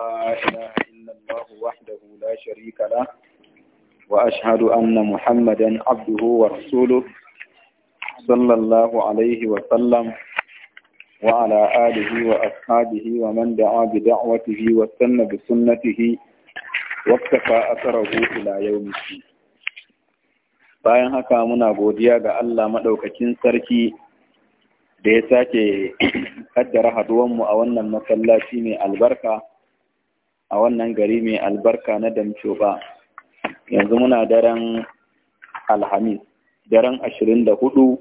لا إله إلا الله وحده لا شريك له وأشهد أن محمدا عبده ورسوله صلى الله عليه وسلم وعلى آله وأصحابه ومن دعا بدعوته واستنى بسنته واكتفى أثره إلى يوم الدين bayan haka muna godiya ga Allah maɗaukakin sarki da ya sake kaddara haduwanmu a wannan masallaci mai albarka a wannan gari mai albarka na damcoba yanzu muna daren alhamis daren ashirin da hudu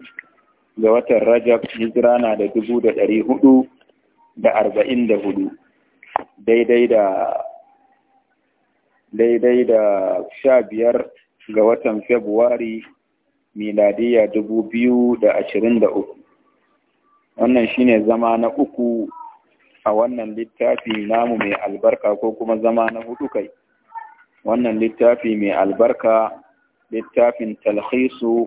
ga watan rajab hijira na da dubu da dari hudu da arba'in da hudu daidai da daidai da sha biyar ga watan februari miladiya dubu biyu da ashirin da uku wannan shine zama na uku a wannan littafi namu mai albarka ko kuma zama na hudu kai wannan littafi mai albarka littafin talhisu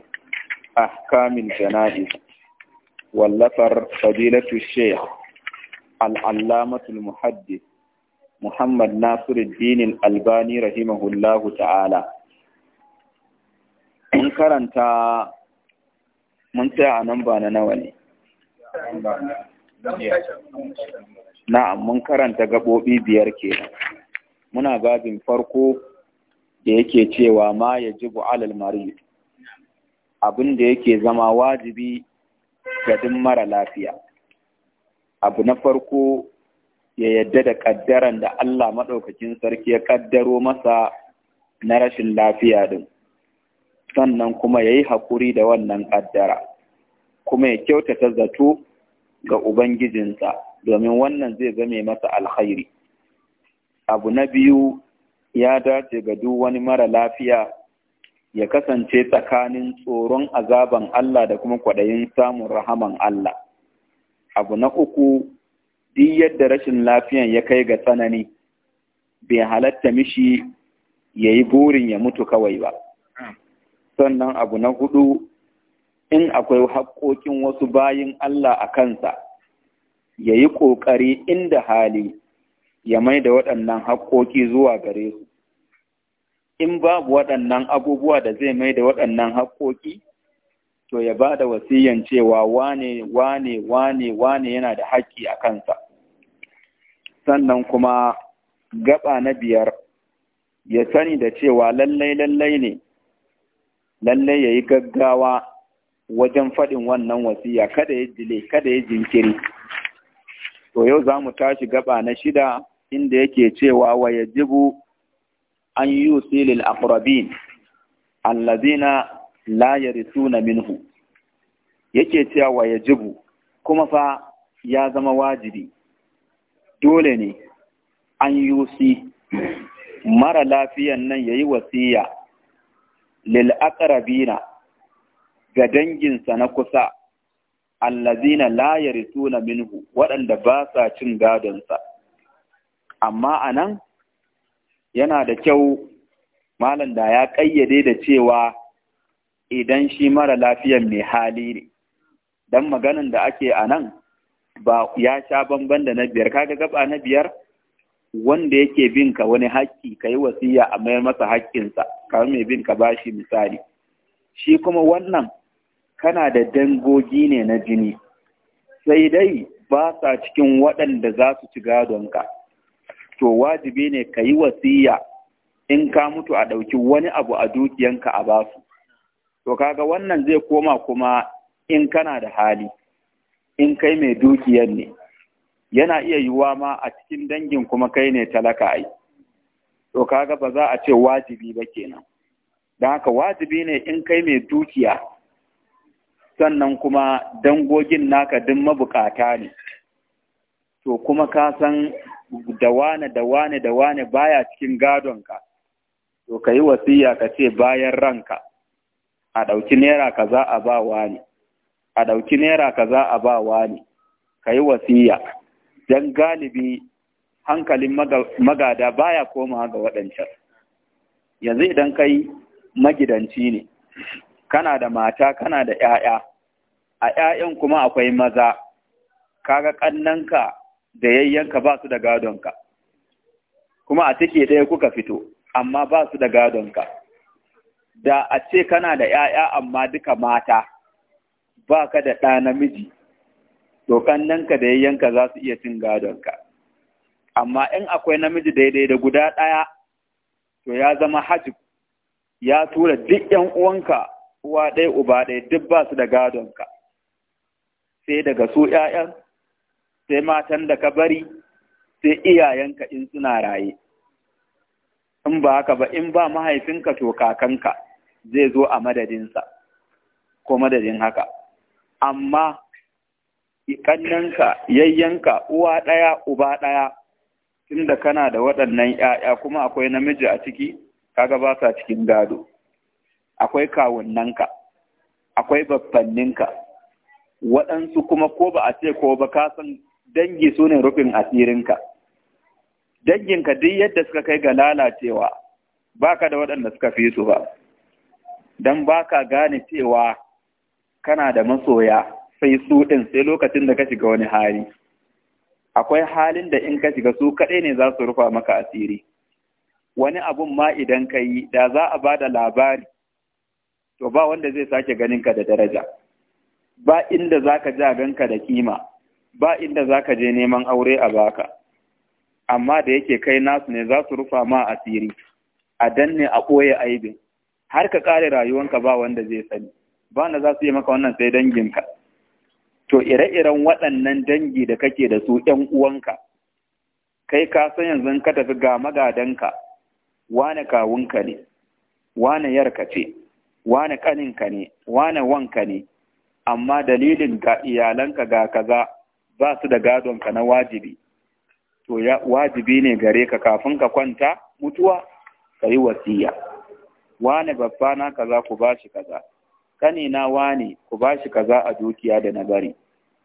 ahkamin jana'iz wallafar fadilatu sheikh al'allamatul muhaddis muhammad nasiruddin albani rahimahullahu ta'ala in karanta mun tsaya a nan ba na nawa ne na'am mun karanta gaɓoɓi biyar kenan muna babin farko da yake cewa ma ya ji bualal marid abin da yake zama wajibi ga duk mara lafiya abu na farko ya yadda da ƙaddaran da Allah maɗaukakin sarki ya ƙaddaro masa na rashin lafiya din sannan kuma ya yi haƙuri da wannan ƙaddara kuma ya kyautata zato ga Ubangijinsa domin wannan zai zame masa alkhairi abu na biyu ya dace ga duk wani mara lafiya ya kasance tsakanin tsoron azaban Allah da kuma kwaɗayin samun rahaman Allah abu na uku duk yadda rashin lafiyan ya kai ga tsanani bai halatta mishi ya yi burin ya mutu kawai ba sannan abu na hudu in akwai haƙoƙin wasu bayin Allah a kansa ya yi ƙoƙari inda hali ya mai da waɗannan haƙoƙi zuwa gare su. In babu waɗannan abubuwa da zai mai da waɗannan haƙoƙi, to ya ba da wasiyan cewa wane wane wane wane yana da haƙƙi a kansa. Sannan kuma gaba na biyar ya sani da cewa lallai lallai ne, lallai ya yi gaggawa wajen faɗin wannan wasiya kada ya jile kada ya jinkiri. to yau za mu tashi gaba na shida inda yake cewa wa yajibu an yi yusilil aqrabin allazina la yarithuna minhu yake cewa wa yajibu kuma fa ya zama wajibi dole ne an yi yusi mara lafiyan nan ya yi wasiya lil akarabina, ga danginsa na kusa allazina la yarisuna minhu waɗanda ba sa cin gadon sa. amma anan yana da kyau malam da ya ƙayyade da cewa idan shi mara lafiyan mai hali ne dan maganan da ake anan ba ya sha bamban da na biyar kaga gaba na biyar wanda yake bin ka wani haƙƙi ka yi wasiya a mayar masa haƙƙinsa kamar mai bin ka bashi misali shi kuma wannan kana da dangogi ne na jini sai dai ba sa cikin waɗanda za su ci gadonka to wajibi ne ka yi wasiya in ka mutu a ɗauki wani abu a dukiyanka a basu to kaga wannan zai koma kuma in kana da hali in kai mai dukiyan ne yana iya yiwuwa ma a cikin dangin kuma kai ne talaka ai to kaga ba za a ce wajibi ba kenan don haka wajibi ne in kai mai dukiya sannan kuma dangogin naka duk mabukata ne to kuma ka san da wane da wane da wane baya cikin gadonka to ka yi wasiya ka ce bayan ranka a ɗauki naira za a ba wani a ɗauki naira za a ba wani ka yi wasiya don galibi hankalin magada baya koma ga waɗancan yanzu idan kai magidanci ne kana da mata kana da ‘ya'ya a ‘ya'yan kuma akwai maza kaga ƙannanka da yayyanka ba su da gadonka kuma a ciki ɗaya kuka fito amma ba su da gadonka da a ce kana da ‘ya'ya amma duka mata ba ka da ɗa namiji to ƙannanka da yayyanka za su iya cin gadonka amma in akwai namiji daidai da guda ɗaya to ya zama hajji ya tura duk ‘yan uwanka uwa ɗaya uba ɗaya duk ba su da gadonka sai daga su ‘ya'yan sai matan da ka bari sai iyayenka in suna raye in ba haka ba in ba mahaifinka to kakanka zai zo a madadinsa ko madadin haka amma ikannanka yayyanka uwa ɗaya uba ɗaya tun da kana da waɗannan ‘ya'ya kuma akwai namiji a ciki kaga ba sa cikin gado akwai kawunanka, akwai baffanninka waɗansu kuma ko ba a ce ko ba ka san dangi su ne rufin asirinka danginka duk yadda suka kai ga lalacewa ba ka da waɗanda suka fi su ba don ba ka gane cewa kana da masoya sai su ɗin sai lokacin da ka shiga wani hali akwai halin da in ka shiga su kaɗai ne za su rufa maka asiri wani abun ma idan ka yi da za a ba da labari to ba wanda zai sake ganin ka da daraja ba inda zaka ja ganka da kima ba inda zaka je neman aure a baka amma da yake kai nasu ne za su rufa ma asiri a danne a ɓoye aibin har ka kare rayuwanka ba wanda zai sani ba na za su yi maka wannan sai danginka to ire-iren waɗannan dangi da kake da su ‘yan uwanka kai ka san yanzu ka tafi ga magadanka wane kawunka ne wane yarka ce wane kaninka ne wane wanka ne amma dalilin ga iyalanka ga kaza ba su da gadonka na wajibi to ya wajibi ne gare ka kafin ka kwanta mutuwa ka yi wasiya wane babba na kaza ku ba shi kaza kani na wane ku ba shi kaza a dukiya da na bari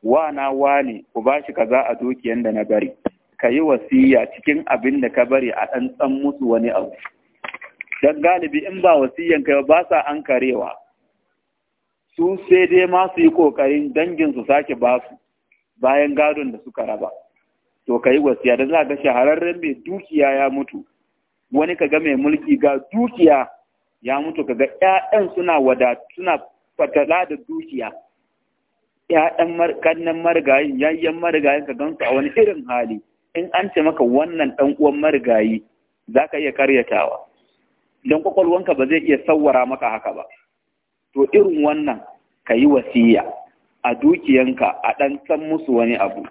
wana wane ku ba shi kaza a dukiyan da na bari ka yi wasiya cikin abin da ka bari a ɗan tsan musu wani abu Dan galibi in ba wasiyan kai ba sa an karewa su sai dai ma su yi ƙoƙarin dangin su sake ba su bayan gadon da suka raba to ka yi wasiya da za ga shahararren mai dukiya ya mutu wani ka ga mai mulki ga dukiya ya mutu ka ga 'ya'yan suna wada suna fatala da dukiya ‘ya'yan kannan marigayin, yayyan marigayin ka gansu a wani irin hali, in an ce maka wannan ɗan uwan marigayi za ka iya karyatawa. don kwakwalwanka ba zai iya sawwara maka haka ba to irin wannan ka yi wasiya a dukiyanka a ɗan san musu wani abu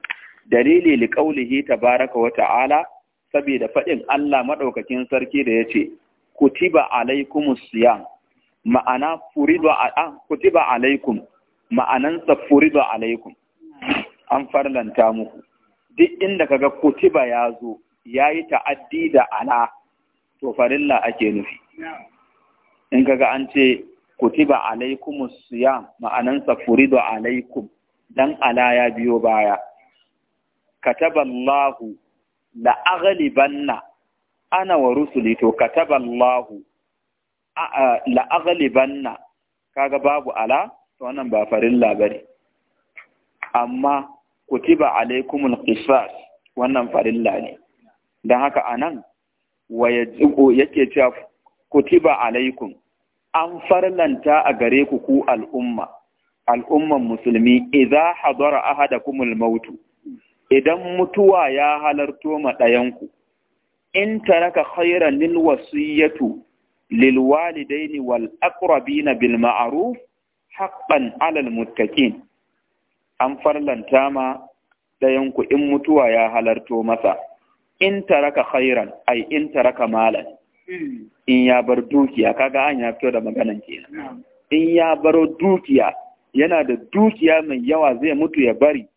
dalili liƙaulihi tabaraka wa ta'ala saboda faɗin Allah maɗaukakin sarki da ya ce kutiba alaikum siyam ma'ana furidu a ah, kutiba alaikum ma'anansa furidu alaikum an farlanta muku duk inda kaga kutiba ya zo ya yi ta'addi da ala to farilla ake nufi in kaga an ce kutiba alaikumus siyam ma'anansa furidu alaikum dan ala ya biyo baya kataballahu la aghlibanna ana wa rusuli to kataballahu la aghlibanna kaga babu ala to wannan ba farilla bane amma kutiba alaikumul qisas wannan farilla ne dan haka anan wa yake cewa kutiba alaikum an farlanta a gare ku ku al'umma al'umman musulmi idza hadara ahadakumul mautu idan mutuwa ya halarto ma ɗayanku in taraka khairan lil wasiyatu lil walidaini wal aqrabina bil ma'ruf haqqan alal muttaqin an farlanta ma ɗayanku in mutuwa ya halarto masa in taraka khairan ai in taraka malan in ya bar dukiya kaga an ya fito da maganan kenan in ya baro dukiya yana da dukiya mai yawa zai mutu ya bari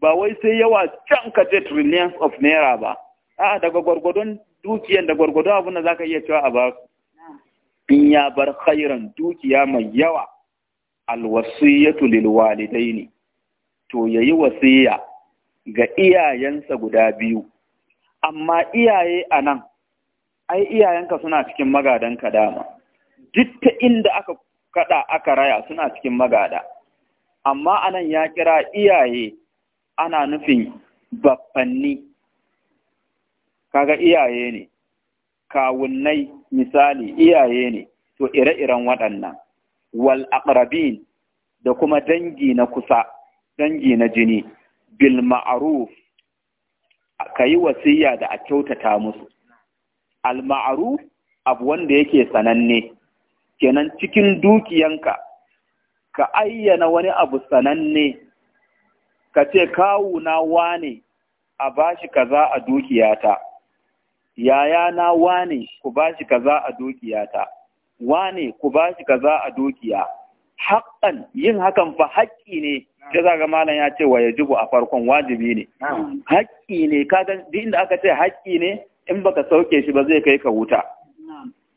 ba wai sai yawa can ka je trillions of naira ba a'a daga gwargwadon dukiyan da gwargwadon abin da zaka iya cewa a ba in ya bar khairan dukiya mai yawa alwasiyatu walidai ne, to yayi wasiya ga iyayensa guda biyu amma iyaye a nan ai iyayenka suna cikin magadanka dama duk ta inda aka kada aka raya suna cikin magada amma a nan ya kira iyaye ana nufin baffanni kaga iyaye ne kawunnai misali iyaye ne to ire-iren waɗannan wal aqrabin da kuma dangi na kusa dangi na jini bil ma'aruf. ka yi wasiya da a kyautata musu al abu wanda yake sananne kenan cikin dukiyanka ka ayyana wani abu sananne ka ce na wane a bashi kaza a dukiyata na wane ku bashi kaza a dukiyata wane ku bashi kaza a dukiya haƙƙan yin hakan fa haƙƙi ne ke za ga malam ya ce wa yajibu a farkon wajibi ne haƙƙi ne Ka ga duk inda aka ce haƙƙi ne in baka sauke shi ba zai kai ka wuta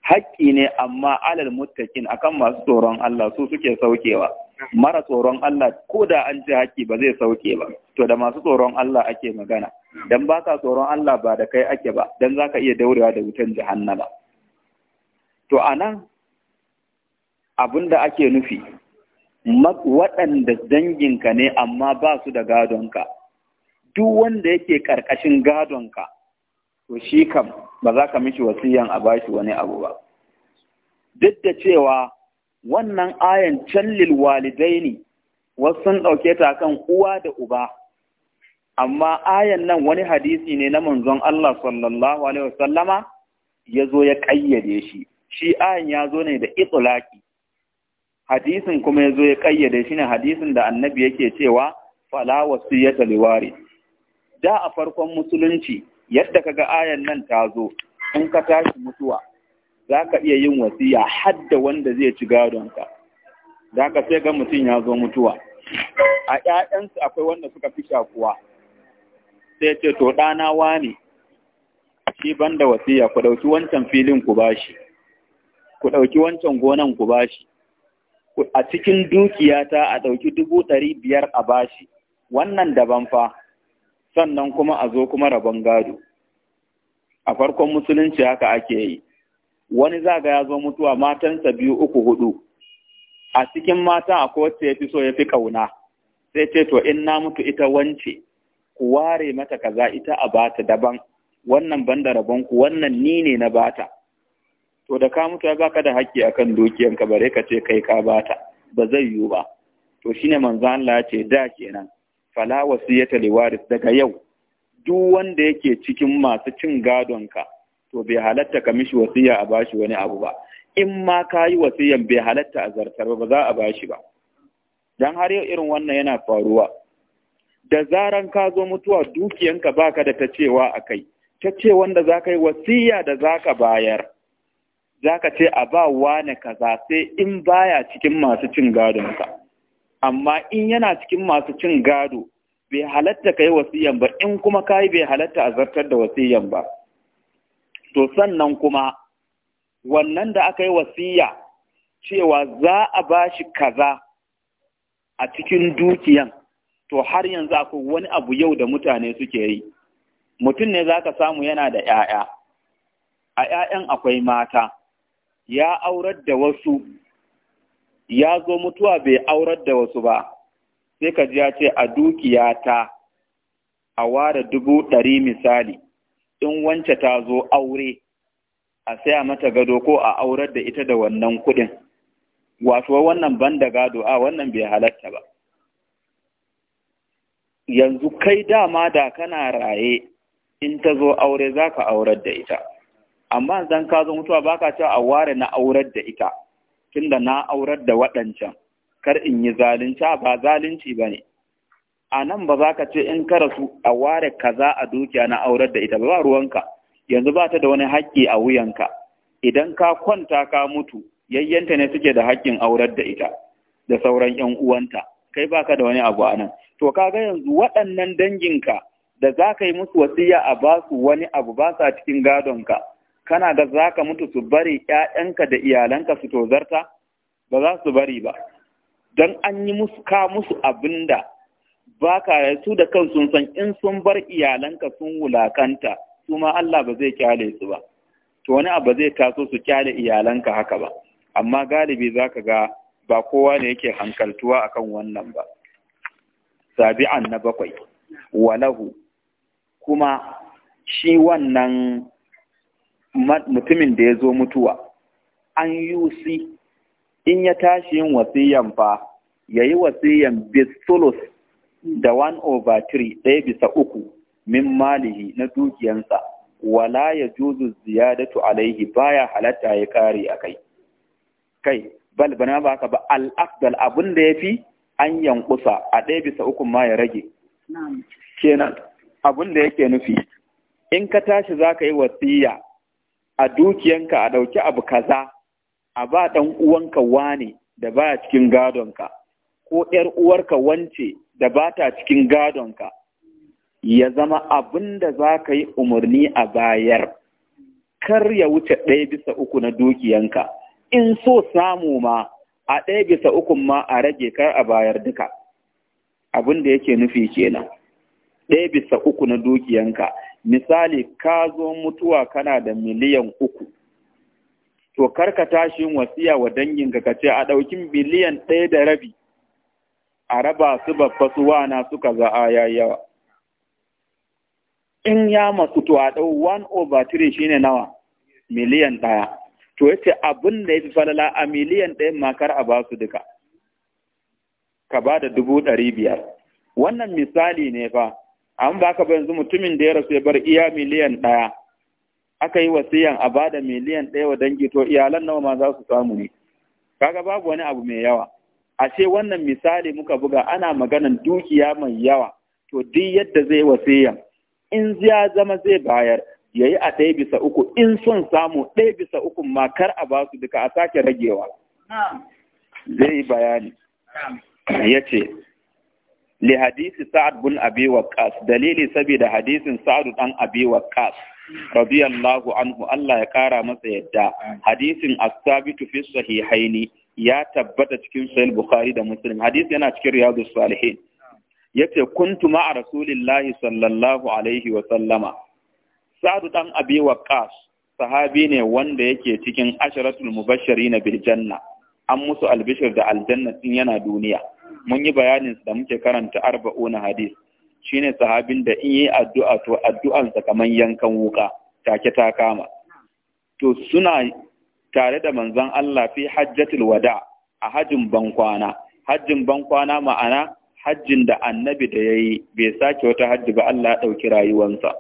haƙƙi ne amma alal muttaqin akan masu tsoron Allah su suke saukewa mara tsoron Allah ko da an ce haƙƙi ba zai sauke ba to da masu tsoron Allah ake magana dan baka tsoron Allah ba da kai ake ba dan zaka iya daurewa da wutan jahannama to anan abinda ake nufi waɗanda danginka ne amma ba su da gadonka duk wanda yake ƙarƙashin gadonka to shi kam ba za ka mishi wasiyan a bashi wani abu ba duk da cewa wannan ayan can lilwalidai ne wasu sun ɗauke ta kan uwa da uba amma ayan nan wani hadisi ne na manzon Allah sallallahu alaihi wasallama ya zo ya ƙayyade shi shi ayan ya zo ne da itsulaki hadisin kuma yazo ya kayyade shi ne hadisin da annabi yake cewa fala wasiyata liwari da a farkon musulunci yadda kaga ayan nan ta zo in ka tashi mutuwa za ka iya yin wasiya hadda wanda zai ci gadonka za ka sai ga mutum ya zo mutuwa a ‘ya'yansu akwai wanda suka fi shakuwa sai ce to dana wani shi ban wasiya ku ɗauki wancan filin ku bashi ku ɗauki wancan gonan ku bashi a cikin dukiyata a ɗauki dubu ɗari biyar a bashi wannan daban fa sannan kuma a zo kuma rabon gado a farkon musulunci haka ake yi wani zaga ya zo mutuwa matansa biyu uku hudu a cikin mata a kowace ya fi so ya fi ƙauna sai ce to in na mutu ita wance ku ware mata kaza ita a bata daban wannan banda rabonku wannan ni ne na bata to da ka mutu ya baka da haƙƙi akan dukiyanka bare ka ce kai ka bata ba zai yiwu ba to shine manzo Allah ya ce da kenan fala wasiyata liwaris daga yau duk wanda yake cikin masu cin gadon ka to bai halatta ka mishi wasiya a bashi wani abu ba in ma ka yi wasiyan bai halatta a zartar ba za a bashi ba dan har yau irin wannan yana faruwa da zaran ka zo mutuwa dukiyanka baka da ta cewa a kai ta ce wanda za ka yi wasiya da za ka bayar za ka ce a ba wane kaza sai in baya cikin masu cin gadonka amma in yana cikin masu cin gado bai halatta ka yi wasiyan ba in kuma ka bai halatta a zartar da wasiyan ba to sannan kuma wannan da aka yi wasiya cewa za a ba shi kaza a cikin dukiyan to har yanzu akwai wani abu yau da mutane suke yi mutum ne za ka samu yana da ‘ya'ya a ‘ya'yan akwai mata ya aurar da wasu ya zo mutuwa bai aurar da wasu ba sai ka ji ya ce a dukiyata a ware dubu ɗari misali in wance ta zo aure a saya mata gado ko a aurar da ita da wannan kuɗin wato wannan ban da gado a wannan bai halatta ba yanzu kai dama da kana raye in ta zo aure za ka aurar da ita amma zan ka mutuwa baka cewa a ware na aurar da ita tunda na aurar da waɗancan kar in yi zalunci ba zalunci ba ne a nan ba za ka ce in ka rasu a ware kaza a dukiya na aurar da ita ba ruwanka yanzu ba ta da wani haƙƙi a wuyanka idan ka kwanta ka mutu yayyanta ne suke da haƙƙin aurar da ita da sauran ƴan uwanta kai baka da wani abu a nan to kaga yanzu waɗannan danginka da za ka yi musu wasiya a ba su wani abu ba sa cikin gadonka kana ga za ka mutu su bari ‘ya'yanka da iyalanka su tozarta ba za su bari ba don an yi musu ka musu abin da ba ka su da kan sun san in sun bar iyalanka sun wulakanta su ma Allah ba zai kyale su ba to wani abu zai taso su kyale iyalanka haka ba amma galibi za ka ga ba kowa ne yake hankaltuwa a kan wannan ba sabi'an na bakwai walahu kuma shi wannan mutumin da ya zo mutuwa an yusi in ya tashi yin wasiyan fa ya yi wasiyan bisulus da 1 over 3 ɗaya bisa uku min malihi na dukiyansa wala ya juzu ziyadatu alaihi baya halatta ya kare a kai kai bal bana ba ka ba al'afdal abin da ya fi an yankusa a ɗaya bisa uku ma ya rage kenan abin da yake nufi in ka tashi za ka yi wasiya a dukiyanka a ɗauki abu kaza a ba ɗan uwanka wane da ba cikin gadonka ko ‘yar uwarka wance da ba ta cikin gadonka ya zama abin da za ka yi umarni a bayar kar ya wuce ɗaya bisa uku na dukiyanka in so samu ma a ɗaya bisa uku ma a rage kar a bayar duka abin da yake nufi kenan ɗaya bisa uku na dukiyanka misali ka zo mutuwa kana da miliyan uku to karka tashin wasiya wa dangin ka ce a ɗauki miliyan ɗaya da rabi a raba su babba su wana suka za a yawa in ya masu to a ɗau 1 over 3 shine nawa miliyan ɗaya to ya yace abin da ya fi falala a miliyan ɗaya makar a ba su duka ka ba da dubu ɗari biyar wannan misali ne fa an ba ka yanzu mutumin da ya rasu ya bar iya miliyan ɗaya aka yi wasiyan a bada miliyan ɗaya wa dangi to iyalan nawa ma za su samu ne kaga babu wani abu mai yawa ashe wannan misali muka buga ana maganan dukiya mai yawa to duk yadda zai wasiyan in ya zama zai bayar ya yi a ɗaya bisa uku in son samu ɗaya bisa uku ma kar a ba su duka a sake ragewa zai yi bayani ya ce li hadisi sa'ad bin abi waqqas dalili saboda hadisin sa'ad dan abi rabi radiyallahu anhu Allah ya kara masa yadda hadisin as-sabitu fi sahihaini ya tabbata cikin sahih bukhari da muslim hadisi yana cikin riyadus salihin yace kuntu ma'a rasulillahi sallallahu alaihi wa sallama sa'ad dan abi waqqas sahabi ne wanda yake cikin asharatul mubashirin na janna an musu albishir da aljanna din yana duniya mun yi bayanin da muke karanta na hadis shine sahabin da in yi addu'a to addu'ansa kamar yankan wuka take ta kama to suna tare da manzon Allah fi hajjatul wada a hajjin bankwana hajjin bankwana ma'ana hajjin da annabi da yayi bai sake wata hajji ba Allah ya dauki rayuwansa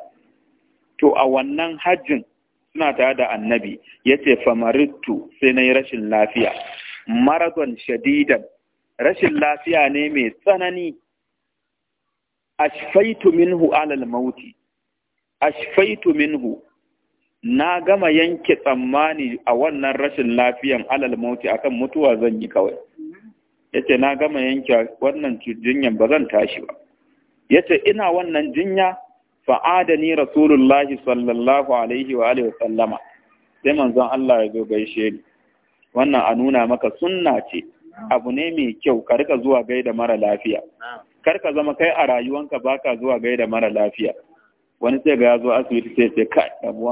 to a wannan hajjin suna tare da annabi ya ce famaritu sai na yi rashin lafiya maradon shadidan rashin lafiya ne mai tsanani ashfaitu minhu alal mauti ashfaitu minhu na gama yanke tsammani a wannan rashin lafiyan alal mauti akan mutuwa zan yi kawai yace na gama yanke wannan jinyan ba zan tashi ba yace ina wannan jinya fa'adani rasulullahi sallallahu alaihi wa alihi sallama sai manzon Allah ya zo gaishe ni wannan a nuna maka sunna ce abu ne mai kyau ka zuwa zuwa gaida mara lafiya kar ka zama kai a rayuwanka baka zuwa gaida mara lafiya wani sai ga ya zo asibiti sai ce ka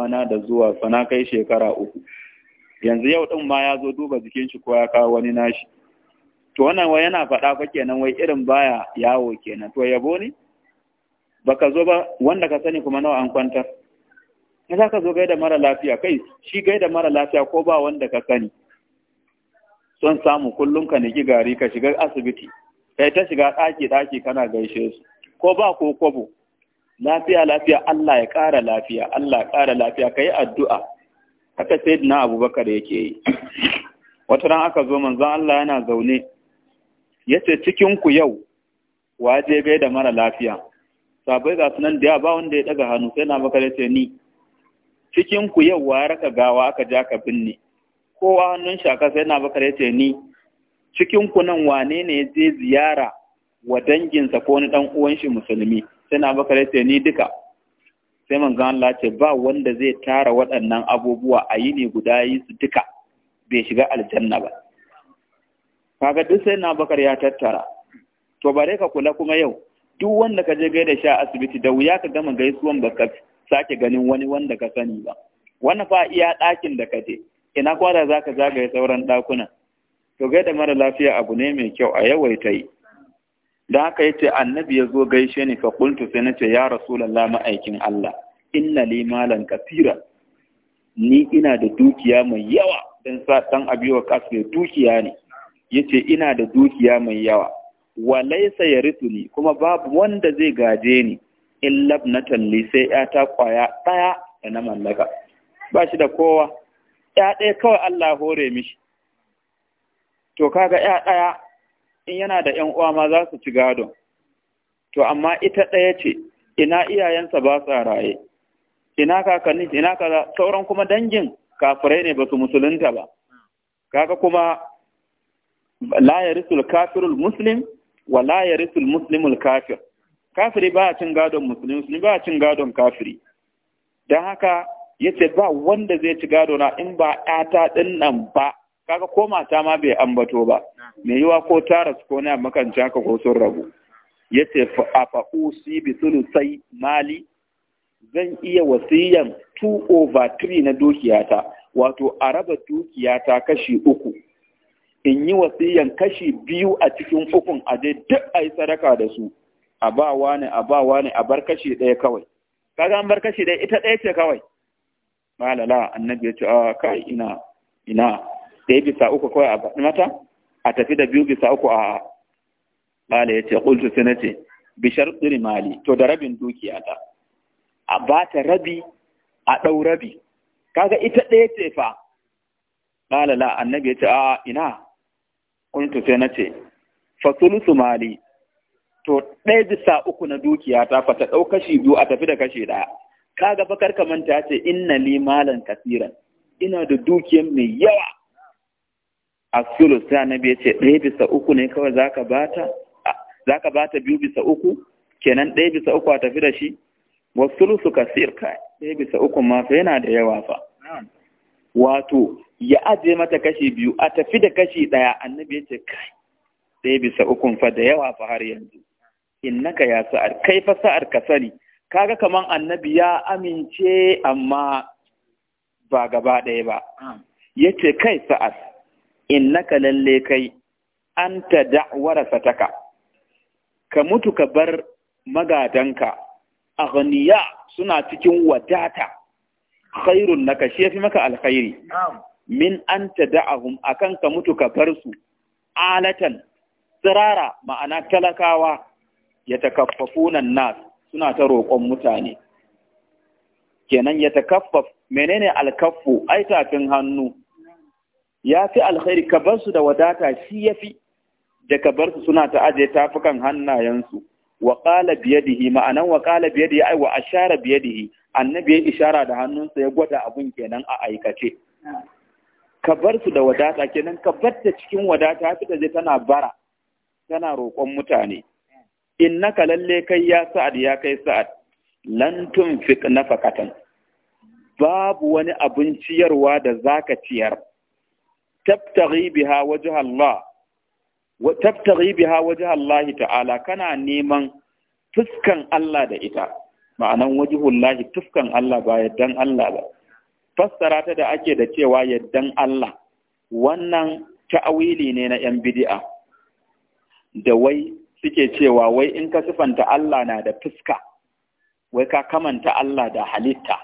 na da zuwa sana kai shekara uku yanzu yau din ma ya zo duba jikin shi ko ya kawo wani nashi to wannan wai yana faɗa fa kenan wai irin baya yawo kenan to yabo ne baka zo ba wanda ka sani kuma nawa an kwantar in za ka zo gaida mara lafiya kai shi gaida mara lafiya ko ba wanda ka sani son samu kullum ka niki gari ka shiga asibiti kai ta shiga ɗaki ɗaki kana gaishe su ko ba ko kwabo lafiya lafiya Allah ya ƙara lafiya Allah ya ƙara lafiya ka yi addu'a haka sai na abubakar yake yi wata ran aka zo manzon Allah yana zaune ya ce cikinku yau waje bai da mara lafiya sabai ga sunan da ya ba wanda ya daga hannu sai na maka da ce ni cikinku yau wa raka gawa aka ja ka binne kowa hannun shi a kasa yana bakar ya ce ni cikin kunan wane ne zai ziyara wa danginsa ko wani dan uwan shi musulmi sai na bakar ya ce ni duka sai manzon Allah ce ba wanda zai tara waɗannan abubuwa a yi ne guda yi su duka bai shiga aljanna ba kaga duk sai na bakar ya tattara to bare ka kula kuma yau duk wanda ka je gaida sha asibiti da wuya ka gama gaisuwan ba ka sake ganin wani wanda ka sani ba wani fa iya ɗakin da ka je ina kwada za ka zagaye sauran ɗakuna to da mara lafiya abu ne mai kyau a yawaita yi da haka yace annabi ya zo gaishe ni fa qultu sai ce ya rasu rasulullah ma'aikin Allah inna li malan kafira. ni ina da dukiya mai yawa dan sa dan abiwa kasbe dukiya ne yace ina da dukiya mai yawa Walaisa ya laysa ni kuma babu wanda zai gaje ni illa ibnatan li sai ya ta kwaya ɗaya da na mallaka ba shi da kowa ya ɗaya kawai Allah hore mishi to kaga ya ɗaya in yana da ‘yan uwa ma za su ci gadon to amma ita ɗaya ce ina iyayensa ba sa raye ina kakanni ina kaza sauran kuma dangin kafirai ne ba su musulunta ba kaga kuma la risul kafirul muslim wa la risul muslimul kafir kafiri ba a cin gadon musulmi musulmi ba a cin gadon kafiri don haka Ya ce ba wanda zai ci gado na in ba ƴata ɗin nan ba kaga ko mata ma bai ambato ba me yiwa ko tara ko ne makanci haka ko sun rabu ce a fa'usi bi sulusai mali zan iya wasiyan 2 over 3 na dukiyata wato a raba dukiyata kashi uku in yi wasiyan kashi biyu a cikin ukun a dai duk a yi sadaka da su a ba wani a ba wani a bar kashi ɗaya kawai kaga an bar kashi ɗaya ita ɗaya ce kawai qala la annabi ya ce a ah, kai ina ina ya bisa uku kawai a baɗi mata a tafi da biyu bisa uku a qala ya ce qultu sai na ce bishar tsiri mali to da rabin dukiya ta a ba ta rabi a ɗau rabi kaga ita ɗaya ce fa qala la annabi ya ce a ah, ina qultu sai na ce fa mali to ɗaya bisa uku na dukiya ta fa ta ɗau kashi biyu a tafi da kashi ɗaya kaga fakar ka manta ce inna li malan kasiran ina da dukiyar mai yawa a sulu sai na biya ce ɗaya bisa uku ne kawai zaka bata zaka bata biyu bisa uku kenan ɗaya bisa uku a tafi da shi wasu su kasir kai ɗaya bisa uku ma fa yana da yawa fa wato ya aje mata kashi biyu a tafi da kashi ɗaya annabi ya ce kai ɗaya bisa uku fa da yawa fa har yanzu innaka ya sa'ar kai fa sa'ar ka sani kaga kaman annabi ya amince amma ba gaba ɗaya ba ya ce kai sa'ad innaka lalle kai an ta da'wara sataka ka mutu ka bar magadanka a suna cikin wadata khairun naka shi yafi maka alkhairi min an ta da'ahum kan ka mutu ka bar su alatan tsirara ma'ana talakawa ya takaffafunan nas suna ta roƙon mutane kenan ya ta kaffaf, menene alkaffo? ai tafin hannu ya fi alkhairi ka bar su da wadata shi ya fi da ka bar su suna ta aje tafukan hannayensu wa qala biyadihi ma'anan wa da biyadihi ai wa ashara biyadihi annabi ya ishara da hannunsa ya gwada abun kenan a aikace ka bar su da wadata kenan ka bar ta cikin wadata ta je tana bara tana roƙon mutane innaka lalle kai ya sa'ad ya kai sa'ad lan tunfiq nafaqatan babu wani abin ciyarwa da zaka ciyar tabtaghi biha wajh Allah wa tabtaghi biha wajh Allah ta'ala kana neman fuskan Allah da ita ma'anan lahi tufkan Allah ba yaddan Allah ba fassara ta da ake da cewa yaddan Allah wannan ta'awili ne na yan bid'a da wai suke cewa wai in ka sifanta Allah na da fuska wai ka kamanta Allah da halitta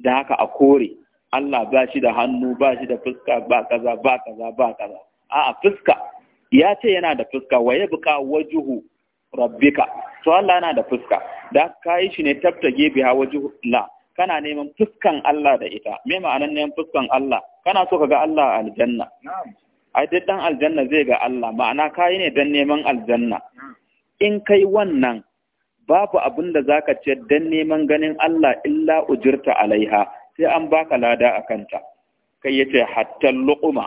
da haka a kore Allah ba shi da hannu ba shi da fuska ba kaza ba kaza ba kaza a'a fuska ya ce yana da fuska wa yabqa wajuhu rabbika to Allah yana da fuska da ka yi shi ne tabta gebe ha wajuhu la kana neman fuskan Allah da ita me ma'anan neman fuskan Allah kana so ka ga Allah a aljanna ai duk dan aljanna zai ga Allah ma'ana kai ne dan neman aljanna in kai wannan babu abin da zaka ce dan neman ganin Allah illa ujirta alaiha sai an baka lada akan ta kai yace hatta luquma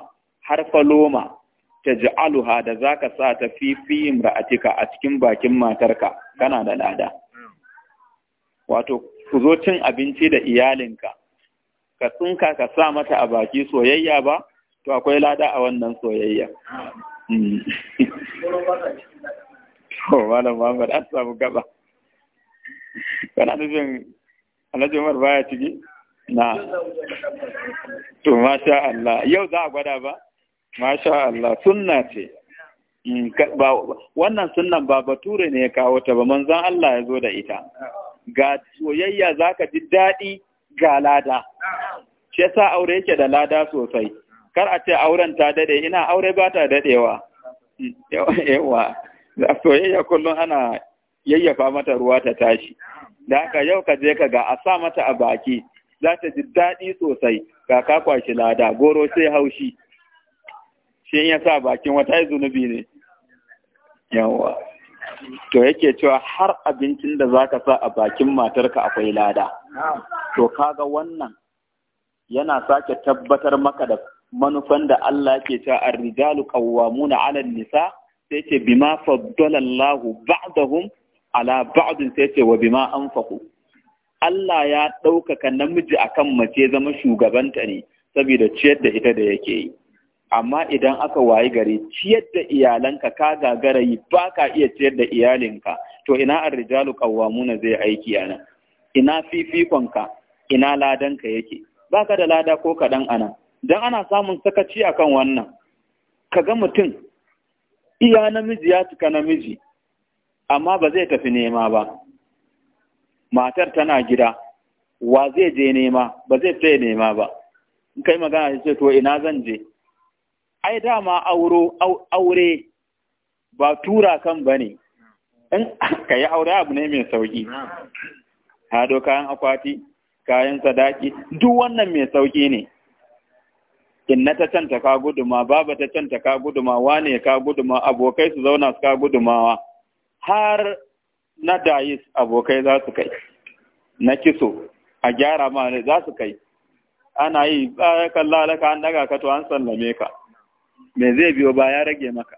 har faloma taj'aluha da zaka sa ta fi fi imra'atika a cikin bakin matarka kana da lada wato ku zo cin abinci da iyalinka ka tsinka ka sa mata a baki soyayya ba to akwai lada a wannan soyayya to hmm. oh, malam Muhammad an samu gaba kana nufin Alhaji Umar baya ciki na to masha Allah yau za a gwada ba masha Allah sunna ce hmm, wannan sunnan ba bature ne ya kawo ta ba manzon Allah ya zo da ita ga soyayya zaka ji daɗi ga lada shi yasa aure yake da lada sosai kar a ce auren ta dade ina aure ba ta dadewa yawa da soyayya kullum ana yayyafa mata ruwa ta tashi da haka yau ka je ka ga a sa mata a baki za ta ji daɗi sosai ga ka kwashi lada goro sai haushi shi ya sa bakin wata zunubi ne yawa to yake cewa har abincin da za ka sa a bakin matarka akwai lada to kaga wannan yana sake tabbatar maka da manufan da Allah ke ta ar-rijalu qawwamuna 'ala nisa sai ce bima faddala lahu ba'dahum ala ba'd sai ce wa bima anfaqu Allah ya ɗaukaka namiji akan mace zama shugabanta ne saboda ciyar da ita da yake yi amma idan aka wayi gari ciyar da iyalanka ka gagara yi ba ka iya ciyar da iyalinka to ina ar-rijalu qawwamuna zai aiki ana ina fifikonka ina ladanka yake baka da lada ko kaɗan anan don ana samun sakaci a kan wannan ka ga mutum iya namiji ya cika namiji amma ba zai tafi nema ba matar tana gida wa zai je nema ba zai fiye nema ba in kai magana ya ce to ina zan je ai dama auro aure ba tura kan ba ne in ka yi aure abu ne mai sauki hado kayan akwati kayan sadaki duk wannan mai sauki ne inna ta canta ka guduma baba ta canta ka guduma wane ka guduma abokai su zauna su ka gudumawa har na dayis abokai za su kai na kiso a gyara ma za su kai ana yi bayan kallalaka an daga ka to an sallame ka me zai biyo ba ya rage maka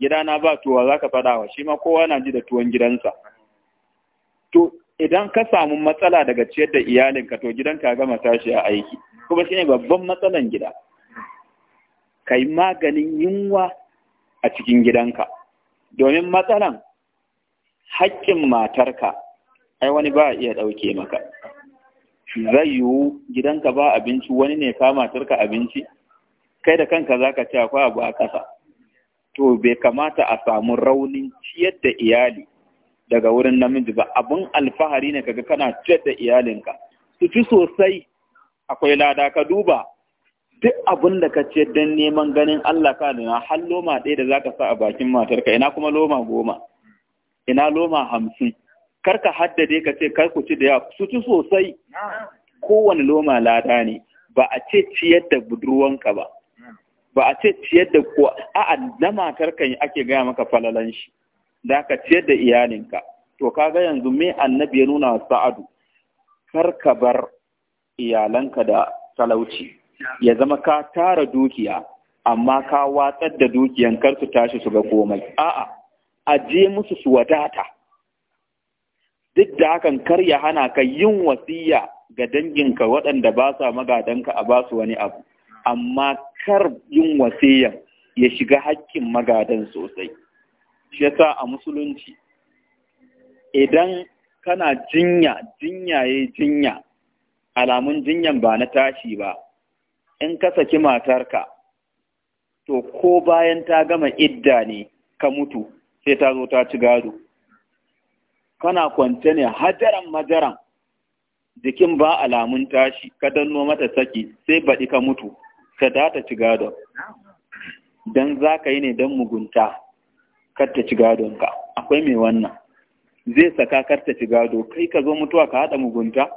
Gida na ba tuwa za ka wa shi ma kowa na ji da tuwon gidansa to idan ka samu matsala daga ciyar da iyalinka to gidanka gama tashi a aiki kuma shi ne babban matsalan gida ka yi maganin yunwa a cikin gidanka domin matsalan haƙƙin matarka ai wani ba a iya ɗauke maka zai yiwu gidanka ba abinci wani ne ka matarka abinci kai da kanka za ka ce akwai abu a ƙasa to bai kamata a samu raunin ciyar da iyali daga wurin namiji ba abin alfahari ne kaga kana ciyar da iyalinka su ci sosai akwai lada ka duba duk abin da ka ce don neman ganin Allah ka nuna har loma ɗaya da za ka sa a bakin matarka ina kuma loma goma ina loma hamsin kar ka haddade ka ce kar ku ci da yawa su ci sosai kowane loma lada ne ba a ce ciyar da budurwanka ba ba a ce ciyar da kuwa a'a na matarka ake gaya maka falalan shi da ka ciyar da iyalinka to ka ga yanzu me annabi ya nuna wa sa'adu kar ka bar iyalanka da talauci ya zama ka tara dukiya amma ka watsar da dukiyan kar su tashi su ga komai a'a aje musu su wadata duk da hakan kar ya hana ka yin wasiya ga danginka waɗanda ba sa magadanka a ba su wani abu amma kar yin wasiyan ya shiga hakkin magadan sosai shi yasa a musulunci idan kana jinya jinyaye jinya alamun jinyan ba na tashi ba in ka saki matarka to ko bayan ta gama idda ne ka mutu sai ta zo ta ci gado kana kwance ne hajaran majaran jikin ba alamun tashi ka danno mata saki sai baɗi ka mutu ka da ta ci gado don za ka yi ne don mugunta kar ta ci gadonka akwai mai wannan zai saka kar ci gado kai ka zo mutuwa ka haɗa mugunta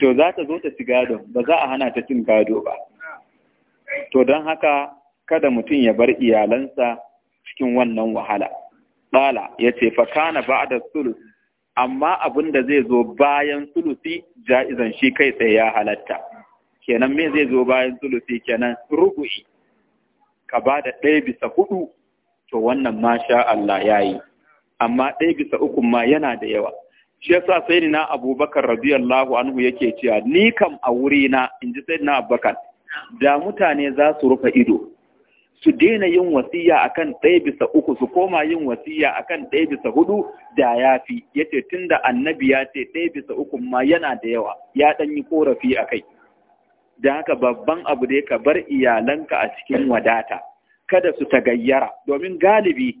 to za ta zo ta ci gado ba za a hana ta cin gado ba to don haka kada mutum ya bar iyalansa cikin wannan wahala bala ya ce fakana ba da sulusi, amma abin da zai zo bayan sulusi ja'izan shi kai tsaye ya halatta kenan me zai zo bayan sulusi kenan rubu'i ka ba da ɗaya bisa hudu to wannan masha Allah ya yi amma ɗaya bisa ukun ma yana da yawa shi yasa sai na abubakar radiyallahu anhu yake cewa ni kam a wurina in ji sai na abubakar da mutane za su rufe ido su daina yin wasiya akan ɗaya bisa uku su koma yin wasiya akan ɗaya bisa hudu da ya fi ya ce tun da annabi ya ce ɗaya bisa uku ma yana da yawa ya ɗan yi ƙorafi a kai da haka babban abu da ka bar iyalanka a cikin wadata kada su gayyara. domin galibi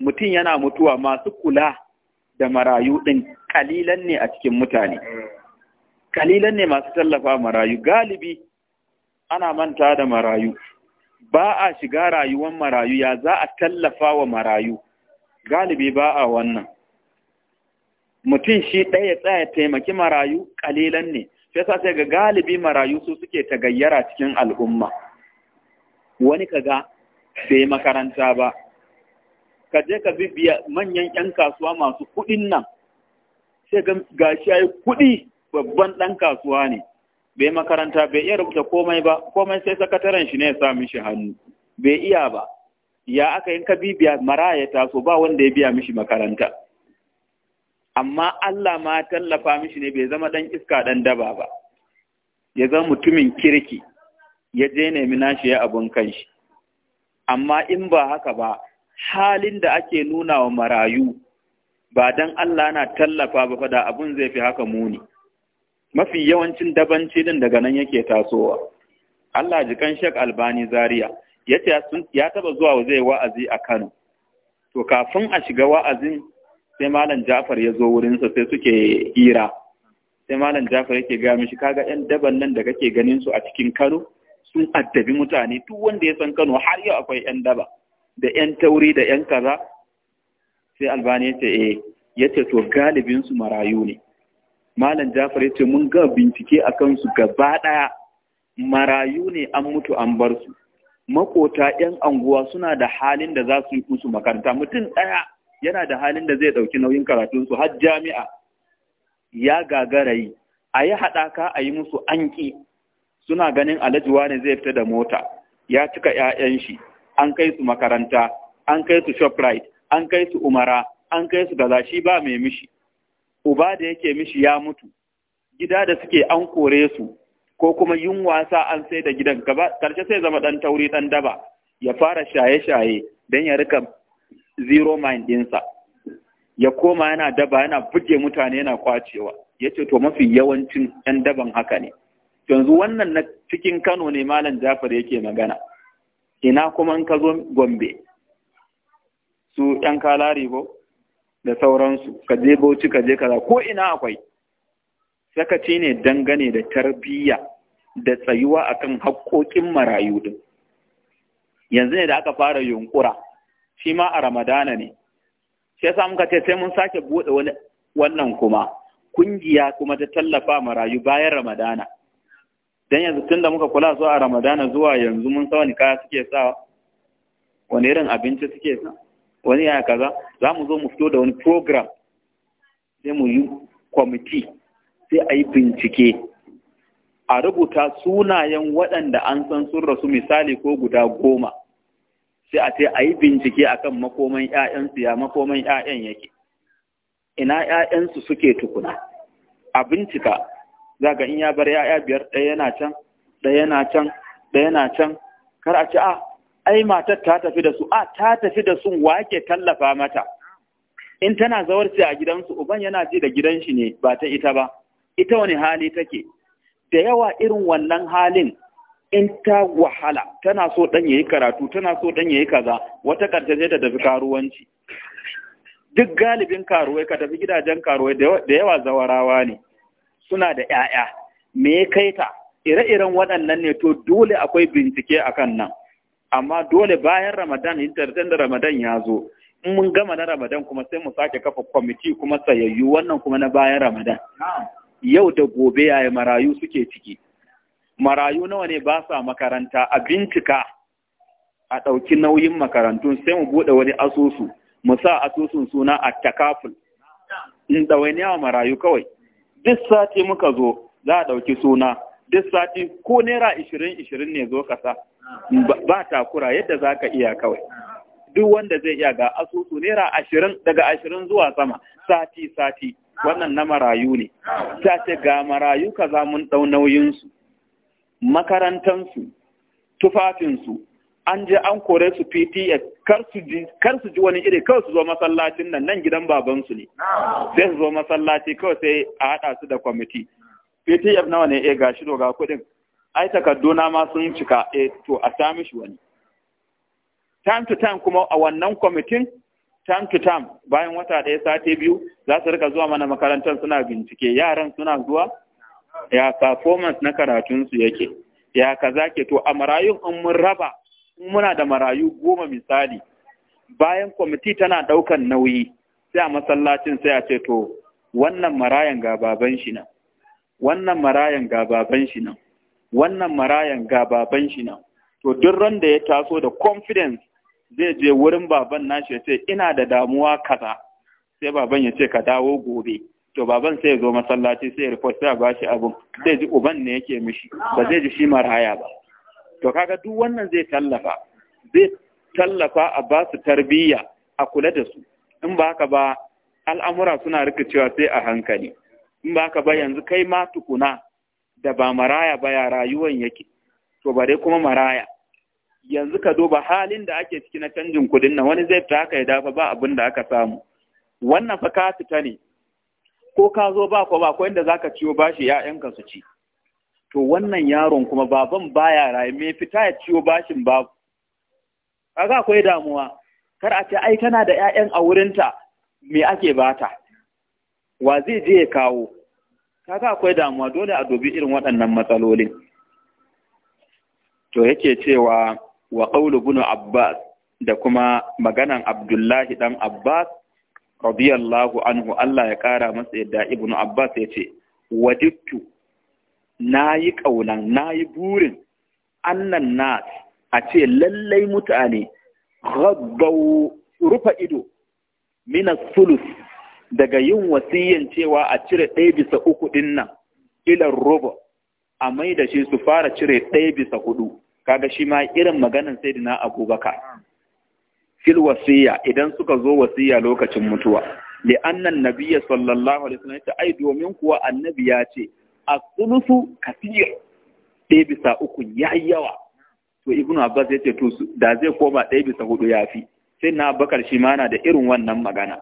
mutum yana mutuwa masu kula da marayu ɗin ƙalilan ne a cikin mutane ƙalilan ne masu tallafa marayu galibi ana manta da marayu ba a shiga rayuwan marayu ya za a tallafa wa marayu galibi ba a wannan mutum shi ɗaya tsaya taimaki marayu ƙalilan ne sai sa sai ga galibi marayu su suke ta gayyara cikin al'umma wani kaga sai makaranta ba ka je ka bibiya manyan 'yan kasuwa masu kuɗin nan sai ga shi ya yi kuɗi babban ɗan kasuwa ne bai makaranta bai iya rubuta komai ba komai sai sakataren shi ne ya sa mishi hannu bai iya ba ya aka yin ka bibiya ya taso ba wanda ya biya mishi makaranta amma Allah ma tallafa mishi ne bai zama ɗan iska ɗan daba ba ya zama mutumin kirki ya je nemi nashi ya abun kanshi amma in ba haka ba halin da ake nuna wa marayu ba dan Allah na tallafa ba da abun zai fi haka muni mafi yawancin dabanci din daga nan yake tasowa Allah jikan Sheikh Albani Zaria yace ya taba zuwa zai wa'azi a Kano to kafin a shiga wa'azin sai malam Jafar ya zo wurinsa sai suke hira sai malam Jafar yake ga mishi kaga ɗan daban nan da kake ganin su a cikin Kano sun addabi mutane duk wanda ya san Kano har yau akwai ɗan daba da ‘yan tauri da ‘yan kaza sai albani ya ce eh ya ce to galibinsu marayu ne malam jafar ya ce mun ga bincike a kansu gaba ɗaya marayu ne an mutu an bar su makota 'yan anguwa suna da halin da za su yi musu makaranta mutum ɗaya yana da halin da zai ɗauki nauyin karatunsu har jami'a ya gagara yi a yi haɗaka a yi musu anki suna ganin alajuwa ne zai fita da mota ya cika 'ya'yan shi an kai su makaranta an kai su shoprite an kai su umara an kai su gaza shi ba mai mishi uba da yake mishi ya mutu gida da suke an kore su ko kuma yin wasa an sai da gidan gaba karshe sai zama ɗan tauri ɗan daba ya fara shaye-shaye don ya rika zero mind dinsa ya koma yana daba yana buge mutane yana kwacewa ya ce to mafi yawancin 'yan daban haka ne yanzu wannan na cikin kano ne malam jafar yake magana ina kuma in ka zo gombe su ‘yan kalari ko da sauransu ka je bauchi ka je kaza ko ina akwai sakaci ne dangane da tarbiyya da tsayuwa akan hakkokin marayu din yanzu ne da aka fara yunkura shi ma a ramadana ne shi yasa muka ce sai mun sake buɗe wannan kuma kungiya kuma ta tallafa marayu bayan ramadana dan yanzu tunda muka kula zuwa ramadana zuwa yanzu mun sa wani kaya suke sa wani irin abinci suke sa wani yaya kaza za mu zo mu fito da wani program sai mu yi kwamiti sai a yi bincike a rubuta sunayen waɗanda an san sun rasu misali ko guda goma sai a ce a yi bincike kan makoman 'ya'yansu ya makoman 'ya'yan yake ina 'ya'yansu suke tukuna a bincika za ga in ya bar ya'ya biyar ɗaya yana can ɗaya yana can ɗaya yana can kar a ce a ah, ai matar ta tafi da su a ah, ta tafi da su wake tallafa mata in tana zawarci a gidansu uban yana ji da gidan shi ne ba ta ita ba ita wani hali take da yawa irin wannan halin in ta wahala tana so dan yayi karatu tana so dan yayi kaza wata karta ta tafi karuwanci duk galibin karuwai ka tafi gidajen karuwai da yawa zawarawa ne suna da ‘ya'ya, me ya kai ta, ire-iren waɗannan ne to dole akwai bincike a kan nan, amma dole bayan Ramadan, hintarten da Ramadan ya zo, in mun gama na Ramadan kuma sai mu sake kafa kwamiti kuma sayayyu wannan kuma na bayan Ramadan. Yau da gobe yaya marayu suke ciki, marayu nawa ne ba sa makaranta a bincika a ɗauki nauyin makarantu sai mu buɗe wani asusu, mu sa asusun suna a takaful, in ɗawainiya marayu kawai. duk sati muka zo za a ɗauki suna duk sati ko naira ishirin ishirin ne zo kasa ba takura yadda za ka iya kawai duk wanda zai iya ga asusu naira ashirin daga ashirin zuwa sama sati sati wannan na marayu ne ta ce ga marayu ka za mun ɗau nauyinsu makarantansu tufafinsu an je an kore su PTS kar su ji wani iri kawai su zo masallacin nan nan gidan babansu ne sai su zo masallaci kawai sai a haɗa su da kwamiti PTF nawa ne eh gashi ga kuɗin ai takarduna ma sun cika eh to a sami shi wani time to time kuma a wannan kwamitin time to time bayan wata ɗaya sati biyu za su rika zuwa mana makarantar suna bincike yaran suna zuwa ya performance na karatunsu yake ya kaza ke to a marayun in mun raba muna da marayu goma misali bayan kwamiti tana ɗaukan nauyi sai a masallacin sai a ce to wannan marayan ga baban shi nan wannan marayan ga baban shi nan wannan marayan ga baban shi nan to duk ran da ya taso da confidence zai je wurin baban nashi ya ce ina da damuwa kaza sai baban ya ce ka dawo gobe to baban sai ya zo masallaci sai ya report sai a bashi abun zai ji uban ne yake mishi ba zai ji shi maraya ba to kaga duk wannan zai tallafa zai tallafa a ba su tarbiyya a kula da su in ba haka ba al'amura suna rikicewa sai a hankali in ba haka ba yanzu kai ma tukuna da ba maraya ba ya rayuwan yake to ba dai kuma maraya yanzu ka duba halin da ake ciki na canjin kudin nan wani zai taka ya dafa ba abin da aka samu wannan fa ka fita ne ko ka zo ba ko ba ko inda zaka ciwo bashi 'ya'yanka su ci to wannan yaron kuma baban baya raye me fita ya ciwo bashin babu kaga akwai damuwa kar a ce ai tana da 'ya'yan a wurinta me ake bata wa zai je ya kawo kaga akwai damuwa dole a dobi irin waɗannan matsalolin to yake cewa wa qawlu ibn abbas da kuma maganan abdullahi dan abbas radiyallahu anhu Allah ya kara masa yadda ibn abbas yace wajidtu na yi ƙaunan na yi burin annan na a ce lallai mutane gaggau rufa ido mina sulus daga yin wasiyyan cewa a cire ɗaya bisa uku ɗin nan ilar roba a mai da shi su fara cire ɗaya bisa hudu kaga shi ma irin maganan sai dina abubakar fil wasiya idan suka zo wasiya lokacin mutuwa li annan nabiya sallallahu alaihi wasallam ta ai domin kuwa annabi ya ce a sunusu, kafiyar ɗaya bisa uku ya yawa to ibn abbas ya ce tusu, da zai koma ɗaya bisa hudu ya fi sai na bakar shi mana da irin wannan magana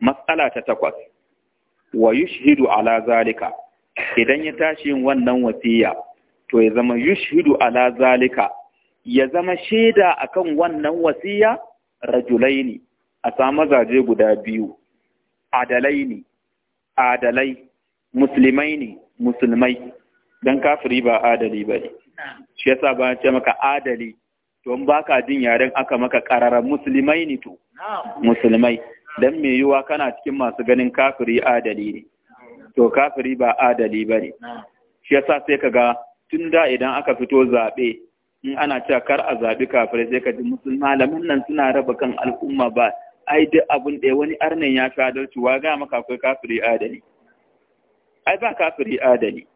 matsala ta takwas wa yushhidu ala zalika idan ya tashi yin wannan wasiya to ya zama yushhidu ala zalika ya zama shaida a kan wannan wasiya rajulaini a samu mazaje guda biyu adalaini adalai musulmai ne musulmai don kafiri ba adali ba ne shi yasa ba ce maka adali don ba ka jin yaren aka maka karara musulmai ne to musulmai don mai yiwuwa kana cikin masu ganin kafiri adali ne to kafiri ba adali ba ne shi yasa sai ka ga tun da idan aka fito zaɓe in ana cewa kar a zaɓi kafirai sai ka ji malaman nan suna raba kan al'umma ba ai duk abin ɗaya wani arnin ya fi adalci wa ga maka akwai kafiri adali ai ba kafiri adali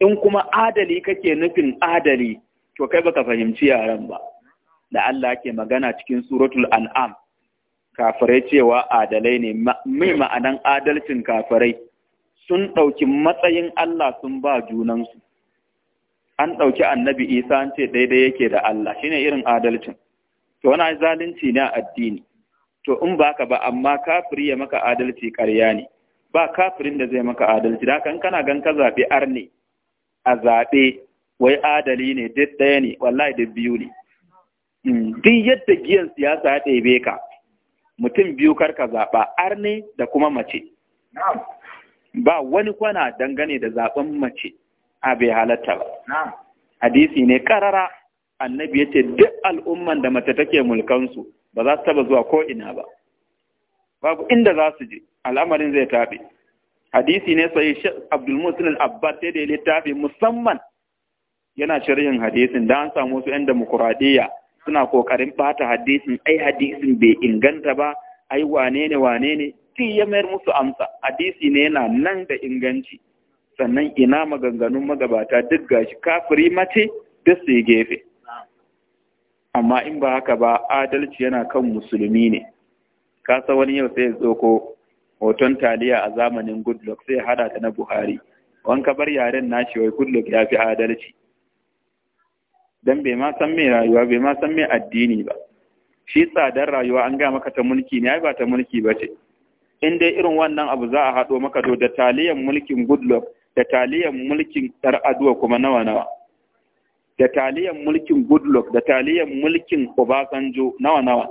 in kuma adali kake nufin adali to kai baka fahimci yaran ba da Allah ke magana cikin suratul an'am kafirai cewa adalai ne mai ma'anan adalcin kafirai sun ɗauki matsayin Allah sun ba junansu an ɗauki annabi isa an ce daidai yake da Allah shine irin adalcin to wani zalunci ne addini to in baka ba amma kafiri ya maka adalci ƙarya ne ba kafirin da zai maka adalci da kan kana gan ka zaɓe arne a zaɓe wai adali ne duk ɗaya ne wallahi duk biyu ne hmm, duk yadda giyan siyasa ya ɗebe ka mutum biyu kar ka zaɓa arne da kuma mace ba wani kwana dangane da zaɓen mace a bai halatta ba hadisi ne ƙarara annabi ya ce duk al'umman da mace take mulkansu ba za su taɓa zuwa ko ina ba babu inda za su je al'amarin zai tabe hadisi ne sai Abdul Musin abbas sai da littafi musamman yana shir'in hadisin da an samu su 'yan demokuraɗiyya suna kokarin bata hadisin ai hadisin bai inganta ba ai wane ne wane ne ti ya mayar musu amsa hadisi ne yana nan da inganci sannan ina maganganun magabata duk gashi kafiri mace duk su gefe amma in ba haka ba adalci yana kan musulmi ne ka san wani yau sai ya tsoko hoton taliya a zamanin goodluck sai ya hada ta na buhari wanka bar yaren nashi wai goodluck ya fi adalci dan bai ma san me rayuwa bai ma san me addini ba shi tsadar rayuwa an ga maka ta mulki ne ai ba ta mulki ba ce in dai irin wannan abu za a haɗo maka to da taliyan mulkin goodluck da taliyan mulkin ɗar aduwa kuma nawa nawa da taliyan mulkin goodluck da taliyan mulkin obasanjo nawa nawa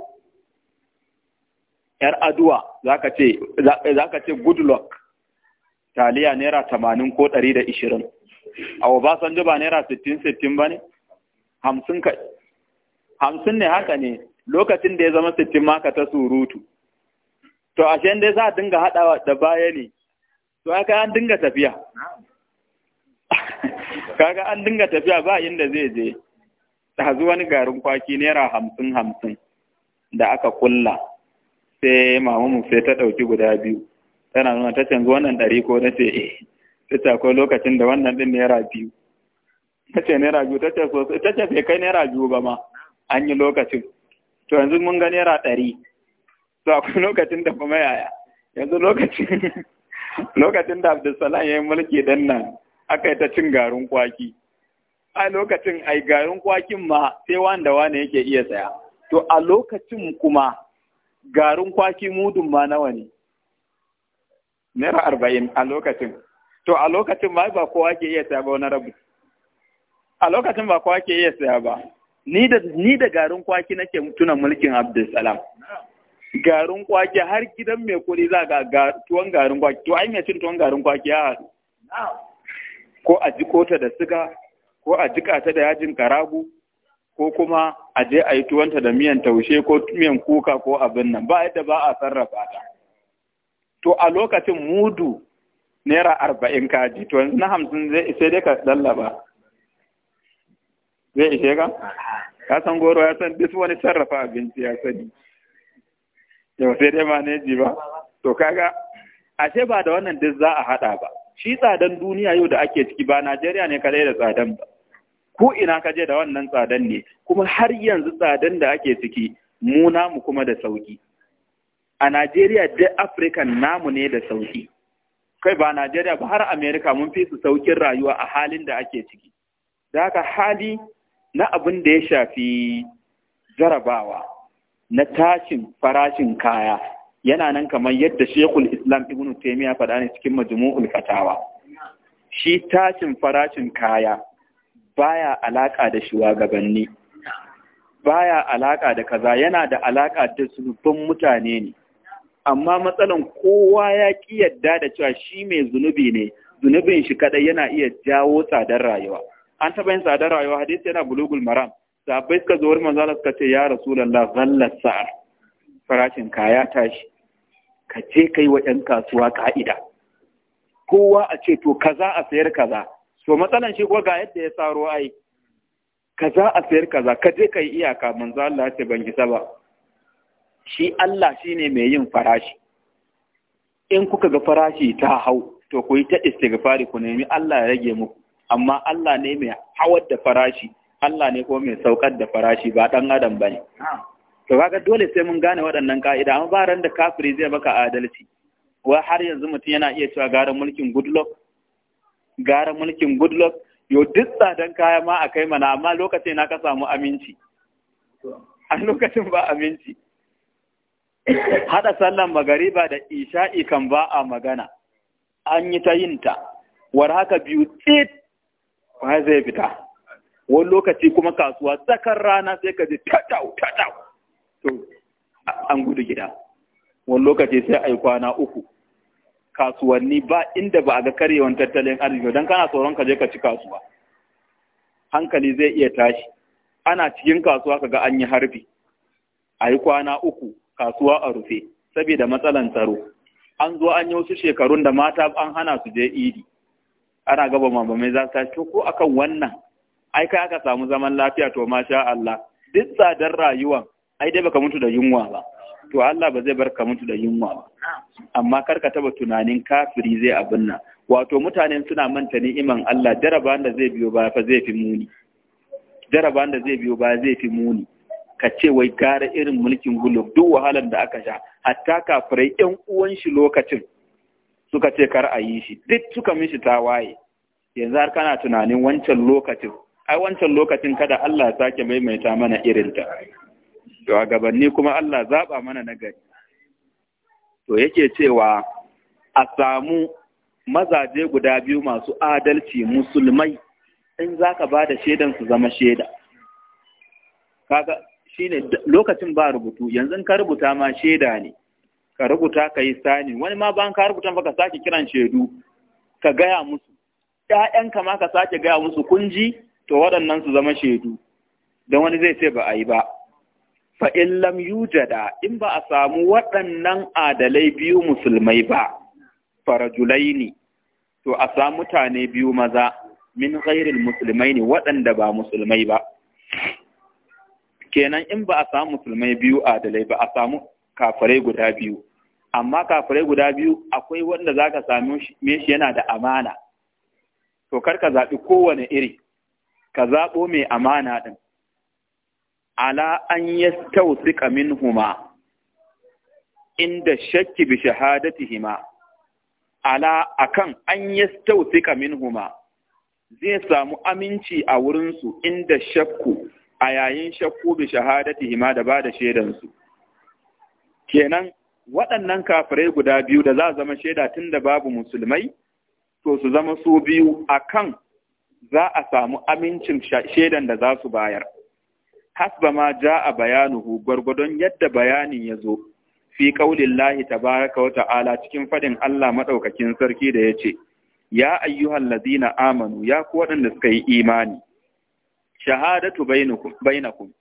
yar aduwa za ka ce good luck taliya naira tamanin ko ɗari da ishirin a obasanjo ba naira sittin sittin ba ne hamsin ka hamsin ne haka ne lokacin da ya zama sittin maka ta surutu to a shi dai za a dinga haɗawa da baya ne to aka an dinga tafiya kaga an dinga tafiya ba inda zai je ta wani garin kwaki naira hamsin hamsin da aka kulla sai mu sai ta ɗauki guda biyu tana nuna ta canza wannan ɗari ko na ce eh ta ce akwai lokacin da wannan ɗin naira biyu ta ce naira biyu ta ce sosai ta ce bai kai naira biyu ba ma an yi lokacin to yanzu mun ga naira ɗari to akwai lokacin da kuma yaya yanzu lokacin lokacin da abdulsalam ya yi mulki dan nan aka yi ta cin garin kwaki a lokacin ai garin kwakin ma sai wanda wane yake iya saya to a lokacin kuma garin kwaki mudun ma nawa ne naira arba'in a lokacin to a lokacin ma ba kowa ke iya saya ba wani rabu a lokacin ba kowa ke iya saya ba ni da ni da garin kwaki nake tuna mulkin Abdulsalam garin kwaki har gidan mai kuɗi za ga tuwon garin kwaki to ai mai cin tuwon garin kwaki ya haɗu ko a jiko ta da siga ko a jika ta da yajin karagu ko kuma a je a yi tuwanta da miyan taushe ko miyan kuka ko abin nan ba yadda ba a sarrafa ta to a lokacin mudu naira arba'in kaji to yanzu na hamsin zai ishe dai ka lallaba zai ishe ka ka san goro ya san duk wani sarrafa abinci ya sani yau sai dai maneji ba to kaga ashe ba da wannan duk za a haɗa ba shi tsadan duniya yau da ake ciki ba Najeriya ne kadai da tsadan ba ko ina ka je da wannan tsadan ne kuma har yanzu tsadan da ake ciki mu namu kuma da sauki a Najeriya da Afirka namu ne da sauki kai ba Najeriya ba har Amerika mun fi su saukin rayuwa a halin da ake ciki da haka hali na abin da ya shafi jarabawa na tashin farashin kaya yana nan kamar yadda Shekul Islam Ibn Taymiyyah faɗa ne cikin Majmu'ul Fatawa shi tashin farashin kaya baya alaka da shugabanni baya alaka da kaza yana da alaka da zunubin mutane ne amma matsalan kowa ya ki yadda da cewa shi mai zunubi ne zunubin shi kadai yana iya jawo tsadar rayuwa an taba yin tsadar rayuwa hadisi yana bulugul maram sabai suka zo wurin manzo suka ce ya rasulullah zallat sa'ar farashin kaya tashi ka je kai wa 'yan kasuwa ka'ida kowa a ce to kaza a sayar kaza so matsalan shi ga yadda ya tsaro ai kaza a sayar kaza ka je yi iyaka manzo Allah ce ban gisa ba shi Allah shine mai yin farashi in kuka ga farashi ta hau to ku yi ta istighfari ku nemi Allah ya rage muku amma Allah ne mai hawar da farashi Allah ne ko mai saukar da farashi ba ɗan adam ba ne. to kaga dole sai mun gane waɗannan ka'ida amma ba ran da kafiri zai baka adalci wai har yanzu mutum yana iya cewa garin mulkin goodluck gara mulkin goodluck yau duk tsadan kaya ma a kai mana amma lokacin na ka samu aminci a lokacin ba aminci hada sallan magariba da isha'i kan ba a magana an yi ta yinta war haka biyu tsit ba zai fita wani lokaci kuma kasuwa tsakar rana sai ka ji tatau to an gudu gida wani lokaci sai a yi kwana uku kasuwanni ba inda ba a ga karyewan tattalin arziki don kana tsoron ka je ka ci kasuwa hankali zai iya tashi ana cikin kasuwa kaga an yi harbi a yi kwana uku kasuwa a rufe saboda matsalan tsaro an zo an yi wasu shekarun da mata an hana su je idi ana gaba mamamai za su tashi ko akan wannan ai kai aka samu zaman lafiya to masha Allah duk tsadar rayuwa ai dai baka mutu da yunwa ba to Allah ba zai bar ka mutu da yunwa ba amma kar ka taba tunanin kafiri zai abin nan wato mutane suna manta ni'iman Allah jaraba da zai biyo ba fa zai fi muni jaraba da zai biyo ba zai fi muni ka ce wai gara irin mulkin gulub duk wahalar da aka sha hatta kafirai yan uwan shi lokacin suka ce kar a yi shi duk suka mishi ta waye. yanzu har kana tunanin wancan lokacin ai wancan lokacin kada Allah ya sake maimaita mana irin ta. shugabanni kuma Allah zaɓa mana nagari. To yake cewa a samu mazaje guda biyu masu adalci musulmai in za ka ba da shaidan su zama shaida. Kaga shi lokacin ba rubutu, yanzu ka rubuta ma shaida ne, ka rubuta ka yi sani, wani ma ban ka rubuta ba ka sake kiran shaidu, ka gaya musu, ‘ya'yanka ma ka sake gaya musu kunji, to waɗannan su zama shaidu, don wani zai ce ba a yi ba. fa in lam yujada in ba a samu waɗannan adalai biyu musulmai ba farajulaini to a samu mutane biyu maza min ghairil musulmai ne waɗanda ba musulmai ba kenan in ba a samu musulmai biyu adalai ba a samu kafirai guda biyu amma kafirai guda biyu akwai wanda za ka me shi yana da amana to kar ka zaɓi kowane iri ka zaɓo mai amana ɗin ala an yastawsika huma inda shakki bi shahadatihima ala akan an yastawsika huma zai samu aminci a wurinsu inda shakku a yayin shakku bi shahadatihima da ba da shaidansu kenan waɗannan kafirai guda biyu da za a zama shaida tun da babu musulmai to su zama su biyu akan za a samu amincin shaidan da za su bayar hasba ma a bayanuhu gwargwadon yadda bayanin ya zo fi ƙaunin lahi baraka wata ala cikin faɗin Allah maɗaukakin sarki da ya ce. ya ayyuhan lazina amanu ya ku waɗanda suka yi imani shahadatu bainakum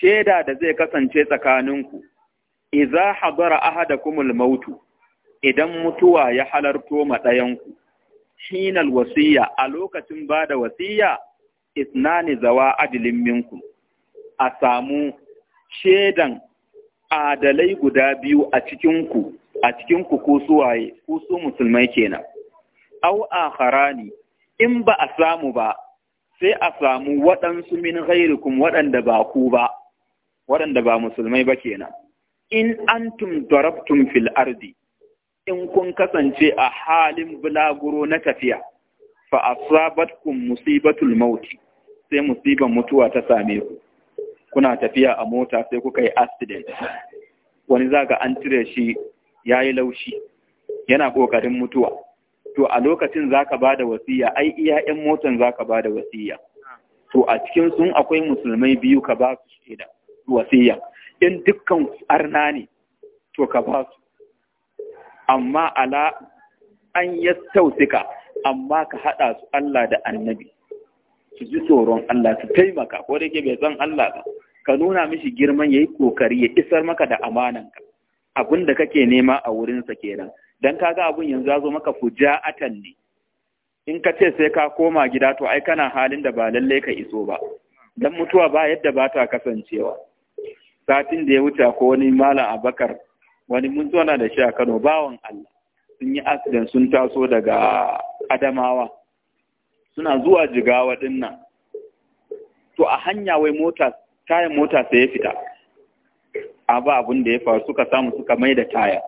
Shaida da zai kasance tsakaninku idza hadara kumul mautu idan mutuwa ya halarto ma ɗayanku hinal wasiya a lokacin ba da wasiya isnani zawa adilin minkum a samu shaidan adalai guda biyu a cikinku a cikinku ko suwaye ko su musulmai kenan au akharani in ba a samu ba sai a samu waɗansu min ghairikum waɗanda ba ku ba waɗanda ba musulmai ba kenan in antum darabtum fil ardi in kun kasance a halin bulaguro na tafiya fa asabatkum musibatul mauti sai musibar mutuwa ta same ku kuna tafiya a mota sai kuka yi accident wani zaga an cire shi ya yi laushi yana ƙoƙarin mutuwa to a lokacin zaka ba da wasiya ai iya 'yan motan zaka ba da wasiya to a cikin sun akwai musulmai biyu ka ba su shaida wasiya in dukkan arna ne to ka ba su amma ala an yastausika amma ka haɗa su Allah da annabi su ji tsoron Allah su taimaka ko da bai san Allah ba ka nuna mishi girman yayi kokari ya isar maka da amananka Abun da kake nema a wurin wurinsa kenan dan kaga abun yanzu ya zo maka fuja'atan ne in ka ce sai ka koma gida to ai kana halin da ba lalle ka iso ba dan mutuwa ba yadda ba ta kasancewa satin da ya wuce ko wani malam abakar wani mun na da shi a Kano bawan Allah sun yi accident sun taso daga Adamawa suna zuwa jigawa nan to a hanya wai mota tayan mota sai ya fita A ba abin da ya faru suka samu suka mai da taya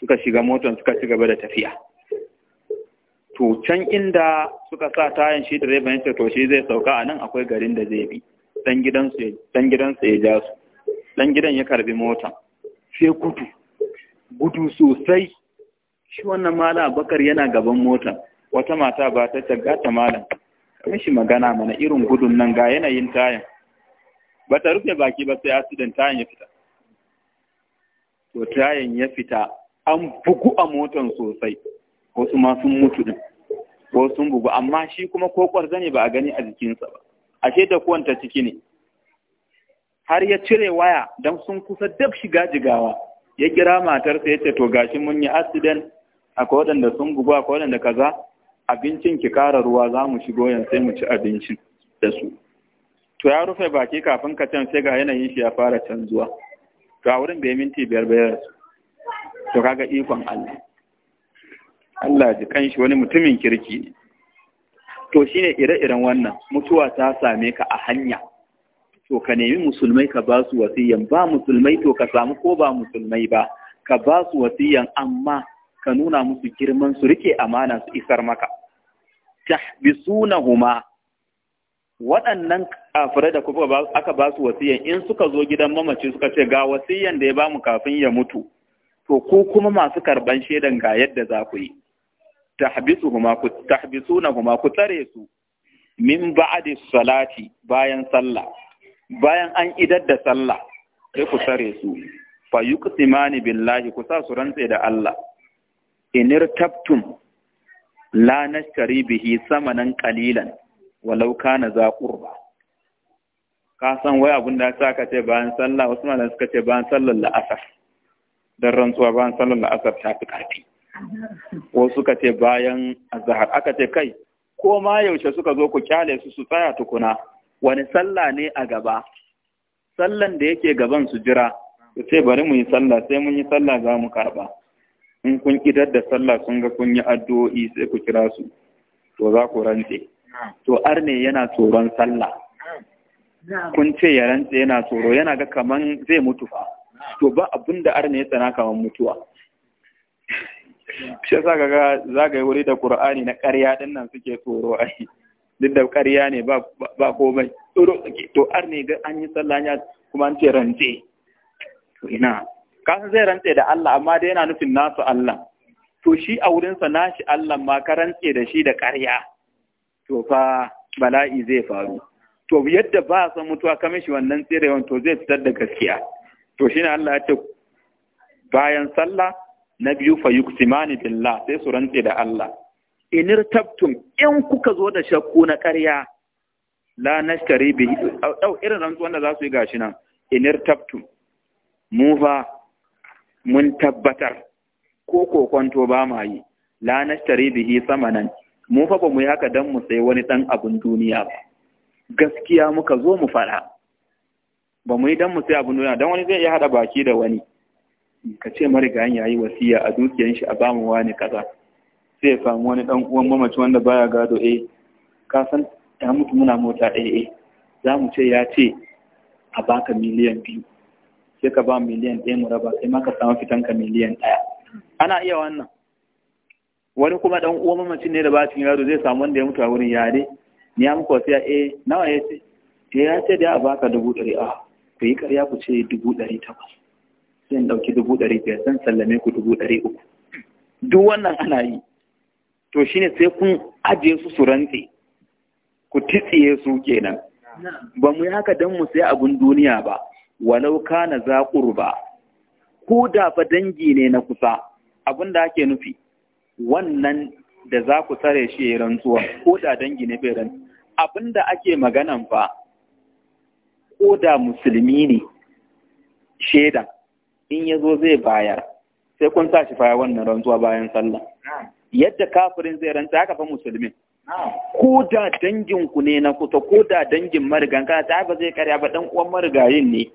suka shiga motan suka ci gaba da tafiya to can inda suka sa tayan shi direban ya to shi zai sauka a nan akwai garin da zai bi dan gidansu ya ja su dan gidan ya karbi mota sai gudu gudu sosai shi wannan mala bakar yana gaban mota wata mata ba ta tagga ta malam kamar shi magana mana irin gudun nan ga yanayin tayan ba ta rufe baki ba sai accident tayan ya fita to tayan ya fita an bugu a motan sosai wasu ma sun mutu din wasu sun bugu amma shi kuma ko kwarza ba a gani a jikinsa ba ashe da kuwanta ciki ne har ya cire waya don sun kusa dab shiga jigawa ya kira matarsa ya ce to gashi mun yi accident akwai waɗanda sun bugu akwai waɗanda kaza abincin ki kara ruwa za mu shigo yan sai mu ci abincin da su to ya rufe baki kafin ka can sai ga yanayin shi ya fara canzuwa to a wurin bai minti biyar bayar to kaga ikon Allah Allah ji shi wani mutumin kirki ne to shine ire-iren wannan mutuwa ta same ka a hanya to ka nemi musulmai ka ba su wasiyan ba musulmai to ka samu ko ba musulmai ba ka ba su wasiyan amma ka nuna musu girman su rike amana su isar maka tahbisunahuma waɗannan kafirai da kuma aka ba su wasiyan in suka zo gidan mamaci suka ce ga wasiyan da ya bamu kafin ya mutu to ku kuma masu karban shaidan ga yadda za ku yi tahbisuhuma ku tahbisunahuma ku tsare su min ba'di salati bayan sallah bayan an idar da sallah sai ku tsare su fa yuqsimani billahi ku sa su rantse da Allah inir la nashkari bihi samanan qalilan walau kana za qurba ka san wai abun da saka ce bayan sallah wasu malan suka ce bayan sallar la'asar dan rantsuwa bayan sallar la'asar ta fi karfi wasu suka ce bayan azhar aka ce kai ko ma yaushe suka zo ku kyale su su tsaya tukuna wani sallah ne a gaba sallan da yake gaban su jira Ku ce bari mu yi sallah sai mun yi sallah za mu karba in kun idar da sallah sun ga kun yi addu'o'i sai ku kira su to za ku rantse to arne yana tsoron sallah kun ce ya rantse yana tsoro yana ga kaman zai mutu fa to ba abun da arne ya tsana kaman mutuwa shi yasa ga yi wuri da qur'ani na ƙarya din nan suke tsoro ai duk da ƙarya ne ba ba komai tsoro to arne ga an yi sallah ya kuma an ce rantse to ina kasan zai rantse da Allah amma dai yana nufin nasu Allah to shi a wurinsa nashi Allah ma ka rantse da shi da ƙarya to fa bala'i zai faru to yadda ba san mutuwa kamar shi wannan tsirewan to zai fitar da gaskiya to shi ne Allah ya ce bayan sallah na biyu fa yuksimani billah sai su rantse da Allah inir tabtum in kuka zo da shakku na ƙarya la nashtari bihi irin rantsuwan da za su yi gashi nan inir tabtum mu fa mun tabbatar ko kokonto ba ma yi la nashtari sama samanan mu fa ba mu yi haka don mu sai wani ɗan abun duniya ba gaskiya muka zo mu fara ba mu yi don mu sai abun duniya Don wani zai iya haɗa baki da wani ka ce ya yi wasiya a dukiyar shi a bamu wani kaza sai ya samu wani ɗan uwan mamaci wanda baya gado eh ka san ta mutu muna mota eh eh za mu ce ya ce a baka miliyan biyu sai ka ba miliyan ɗaya mu raba sai ma ka samu fitanka miliyan ɗaya ana iya wannan wani kuma ɗan uwan mamacin ne da cikin yaro zai samu wanda ya mutu a wurin yare ni ya muku wasu ya eh, nawa ya ce ke eh, ya ce da ya baka dubu ɗari a ah, ku yi karya ku ce dubu ɗari takwas sai in ɗauki dubu ɗari biyar zan sallame ku dubu ɗari uku duk wannan ana yi to shine sai kun ajiye su su rantse ku titsiye su kenan ba mu yi haka don mu sai abun duniya ba walau kana za ƙurba, ko da fa dangi ne na kusa da ake nufi wannan da za ku tsare shi ya rantsuwa ko da dangi ne bai abin da ake maganan fa ko da musulmi ne shaidan in ya zo zai bayar sai kun sa shi faya wannan rantsuwa bayan sallah yadda kafirin zai rantsa haka fa musulmin ko da danginku ne na kusa ko da dangin marigan kana ta ba zai karya ba dan uwan marigayin ne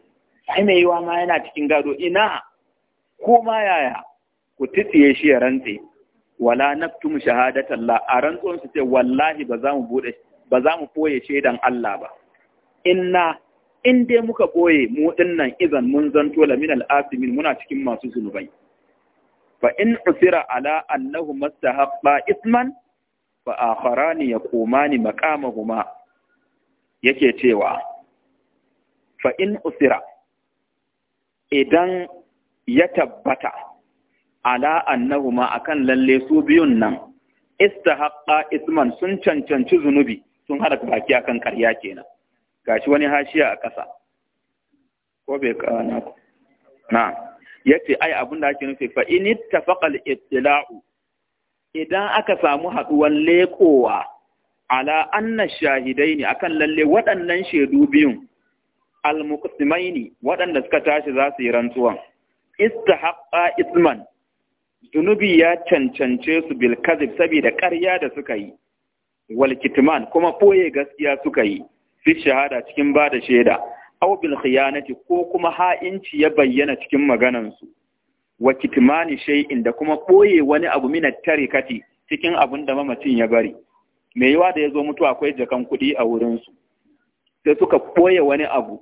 ai mai yiwa ma yana cikin gado ina ko ma yaya ku titiye shi ya rantse wala shahadat Allah a rantsuwan su ce wallahi ba za mu bude ba za mu boye shaidan Allah ba inna in dai muka boye mu dinnan idan mun zanto al asimin muna cikin masu zunubai fa in usira ala annahu mastahabba isman fa akharani yaqumani maqamahuma yake cewa fa in usira idan ya tabbata ala ma akan lalle su biyun nan istahaqqa isman sun cancanci zunubi sun hada baki akan ƙarya kenan gashi wani hashiya a ƙasa ko bai kana na yace ai abin da ake nufi fa in ittafaqal ittilau idan aka samu haduwan lekowa ala anna shahidaini akan lalle waɗannan shaidu biyun al al-muqsimaini waɗanda suka tashi za su yi rantsuwan istahaqqa isman zunubi ya cancance su bil kadhib saboda ƙarya da suka yi wal kitman kuma boye gaskiya suka yi fi shahada cikin ba da shaida aw bil khiyanati ko kuma ha'inci ya bayyana cikin maganan su wa kitmani shay'in da kuma boye wani abu min tarikati cikin abin da mamacin ya bari me yawa da yazo mutu akwai jakan kuɗi a wurin su sai suka boye wani abu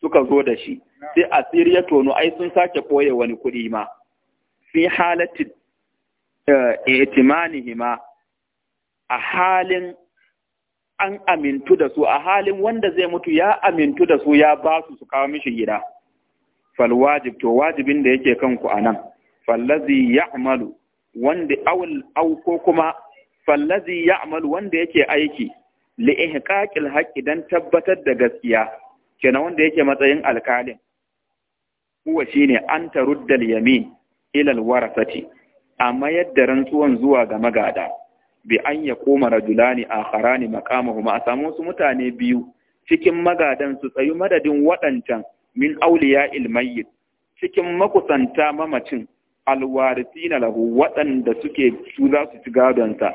suka zo da shi sai asiri ya tono ai sun sake ɓoye wani kuɗi ma fi halatti eh, ma a halin an amintu da su a halin wanda zai mutu ya amintu da su ya ba su su kawo mishi gida fal to wajibin da yake kanku anan fallazi amalu wanda awul au ko kuma fallazi amalu wanda yake aiki li ihqaqil haqqi dan tabbatar da gaskiya kenan wanda yake matsayin alkalin shi ne an tarudda yamin ilal warasati amma yadda rantsuwan zuwa ga magada bi an ya koma rajulani makama kuma a samu wasu mutane biyu cikin magadan su tsayu madadin waɗancan min auliya ilmayi cikin makusanta mamacin na lahu waɗanda suke su za su ci gadonsa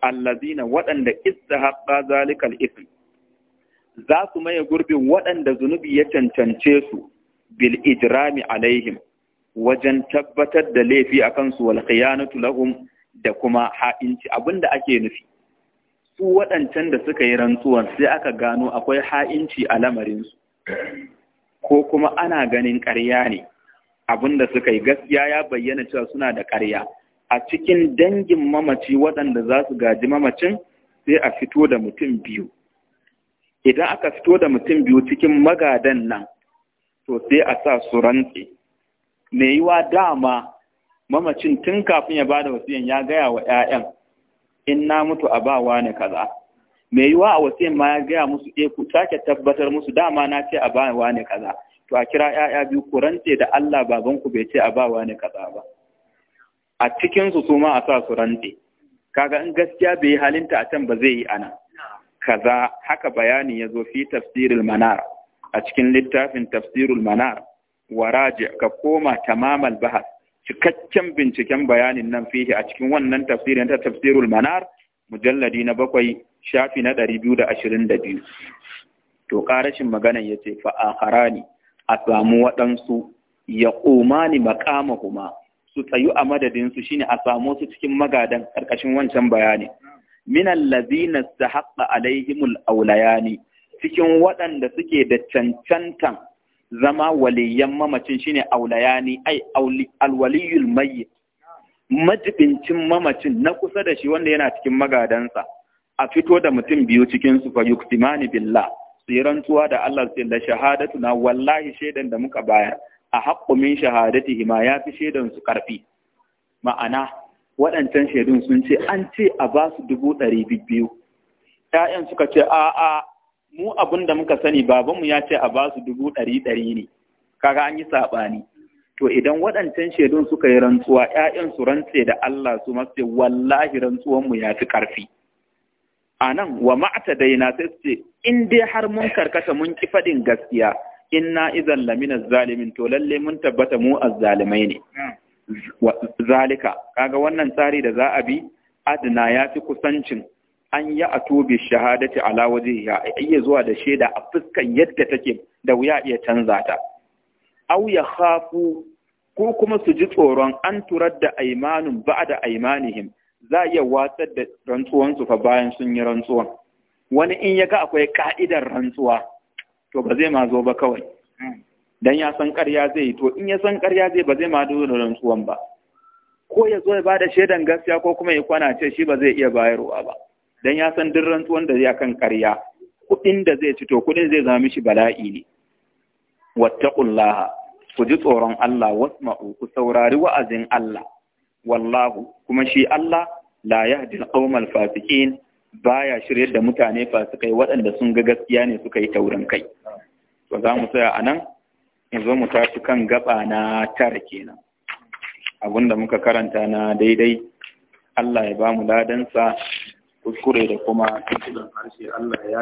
allazina waɗanda istahabba zalikal ism za su maye gurbin waɗanda zunubi ya cancance su bil ijrami alaihim wajen tabbatar da laifi a kansu wal lahum da kuma ha'inci abinda ake nufi su waɗancan da suka yi rantsuwan sai aka gano akwai ha'inci a lamarinsu ko kuma ana ganin ƙarya ne abinda suka yi gaskiya ya bayyana cewa suna da ƙarya a cikin dangin mamaci waɗanda za su gaji mamacin sai a fito da mutum biyu idan aka fito da mutum biyu cikin magadan nan to sai a sa su rantse me yiwa dama mamacin tun kafin ya bada wasiyan ya gaya wa 'ya'yan in na mutu a ba ne kaza me yiwa a wasiyan ma ya gaya musu eh ku sake tabbatar musu dama na ce a ba ne kaza to a kira 'ya'ya biyu ku rantse da Allah babanku bai ce a ba ne kaza ba a cikinsu su ma a sa su rantse kaga in gaskiya bai yi halinta a can ba zai yi nan kaza haka bayani ya zo fi tafsirul manar a cikin littafin tafsirul manar waraje, ka koma tamamal bahas cikakken binciken bayanin nan fihi a cikin wannan tafsirin ta tafsirul manar mujalladi na bakwai shafi na ɗari biyu da ashirin da biyu to ƙarashin maganan ya ce fa'akarani a samu waɗansu ya ƙomani makama kuma su tsayu a madadinsu shine a samu su cikin magadan ƙarƙashin wancan bayanin. minan lazina su haƙa alaihimul aulayani cikin waɗanda suke da cancantan zama waliyan mamacin shine aulayani ai alwaliyul mayyit majibincin mamacin na kusa da shi wanda yana cikin magadansa a fito da mutum biyu cikin su fa yuktimani billah su da Allah su da shahadatu na wallahi shaidan da muka bayar a haƙƙo min shahadati ma yafi fi shaidan su karfi ma'ana waɗancan shaidun sun ce an ce a ba su dubu ɗari biyu ‘ya'yan suka ce a a mu abin da muka sani babanmu ya ce a ba su dubu ɗari ɗari ne kaga an yi saɓani to idan waɗancan shaidun suka yi rantsuwa ‘ya'yan su rantse da Allah su masu wallahi rantsuwanmu ya fi ƙarfi a nan wa ma'ata daina sai su ce in dai har mun karkata mun ki faɗin gaskiya inna izan lamina zalimin to lalle mun tabbata mu azzalimai ne zalika kaga wannan tsari da za a bi adna ya fi kusancin an yi a tobe shahadati ala waje ya iya zuwa da shaida a fuskan yadda take da wuya iya canza ta au ya hafu ko kuma su ji tsoron an turar da aimanun ba da aimanihim za iya watsar da rantsuwansu fa bayan sun yi rantsuwan wani in ya ga akwai ka'idar rantsuwa to ba zai ma zo ba kawai hmm. dan ya san ƙarya zai yi to in ya san ƙarya zai ba zai ma dole rantsuwan ba ko ya zo ya bada shaidan gaskiya ko kuma ya kwana ce shi ba zai iya bayarwa ba dan ya san duk rantsuwan da zai kan ƙarya kuɗin da zai ci to kuɗin zai zama mishi bala'i ne wattaqullah ku ji tsoron Allah wasma'u ku saurari wa'azin Allah wallahu kuma shi Allah la yahdi al-qawmal fasiqin baya shiryar da mutane fasikai waɗanda sun ga gaskiya ne suka yi taurin kai to za mu tsaya anan zo mu tafi kan gaba na tara kenan abinda muka karanta na daidai Allah ya ba mu ladansa kuskure da kuma harshe Allah ya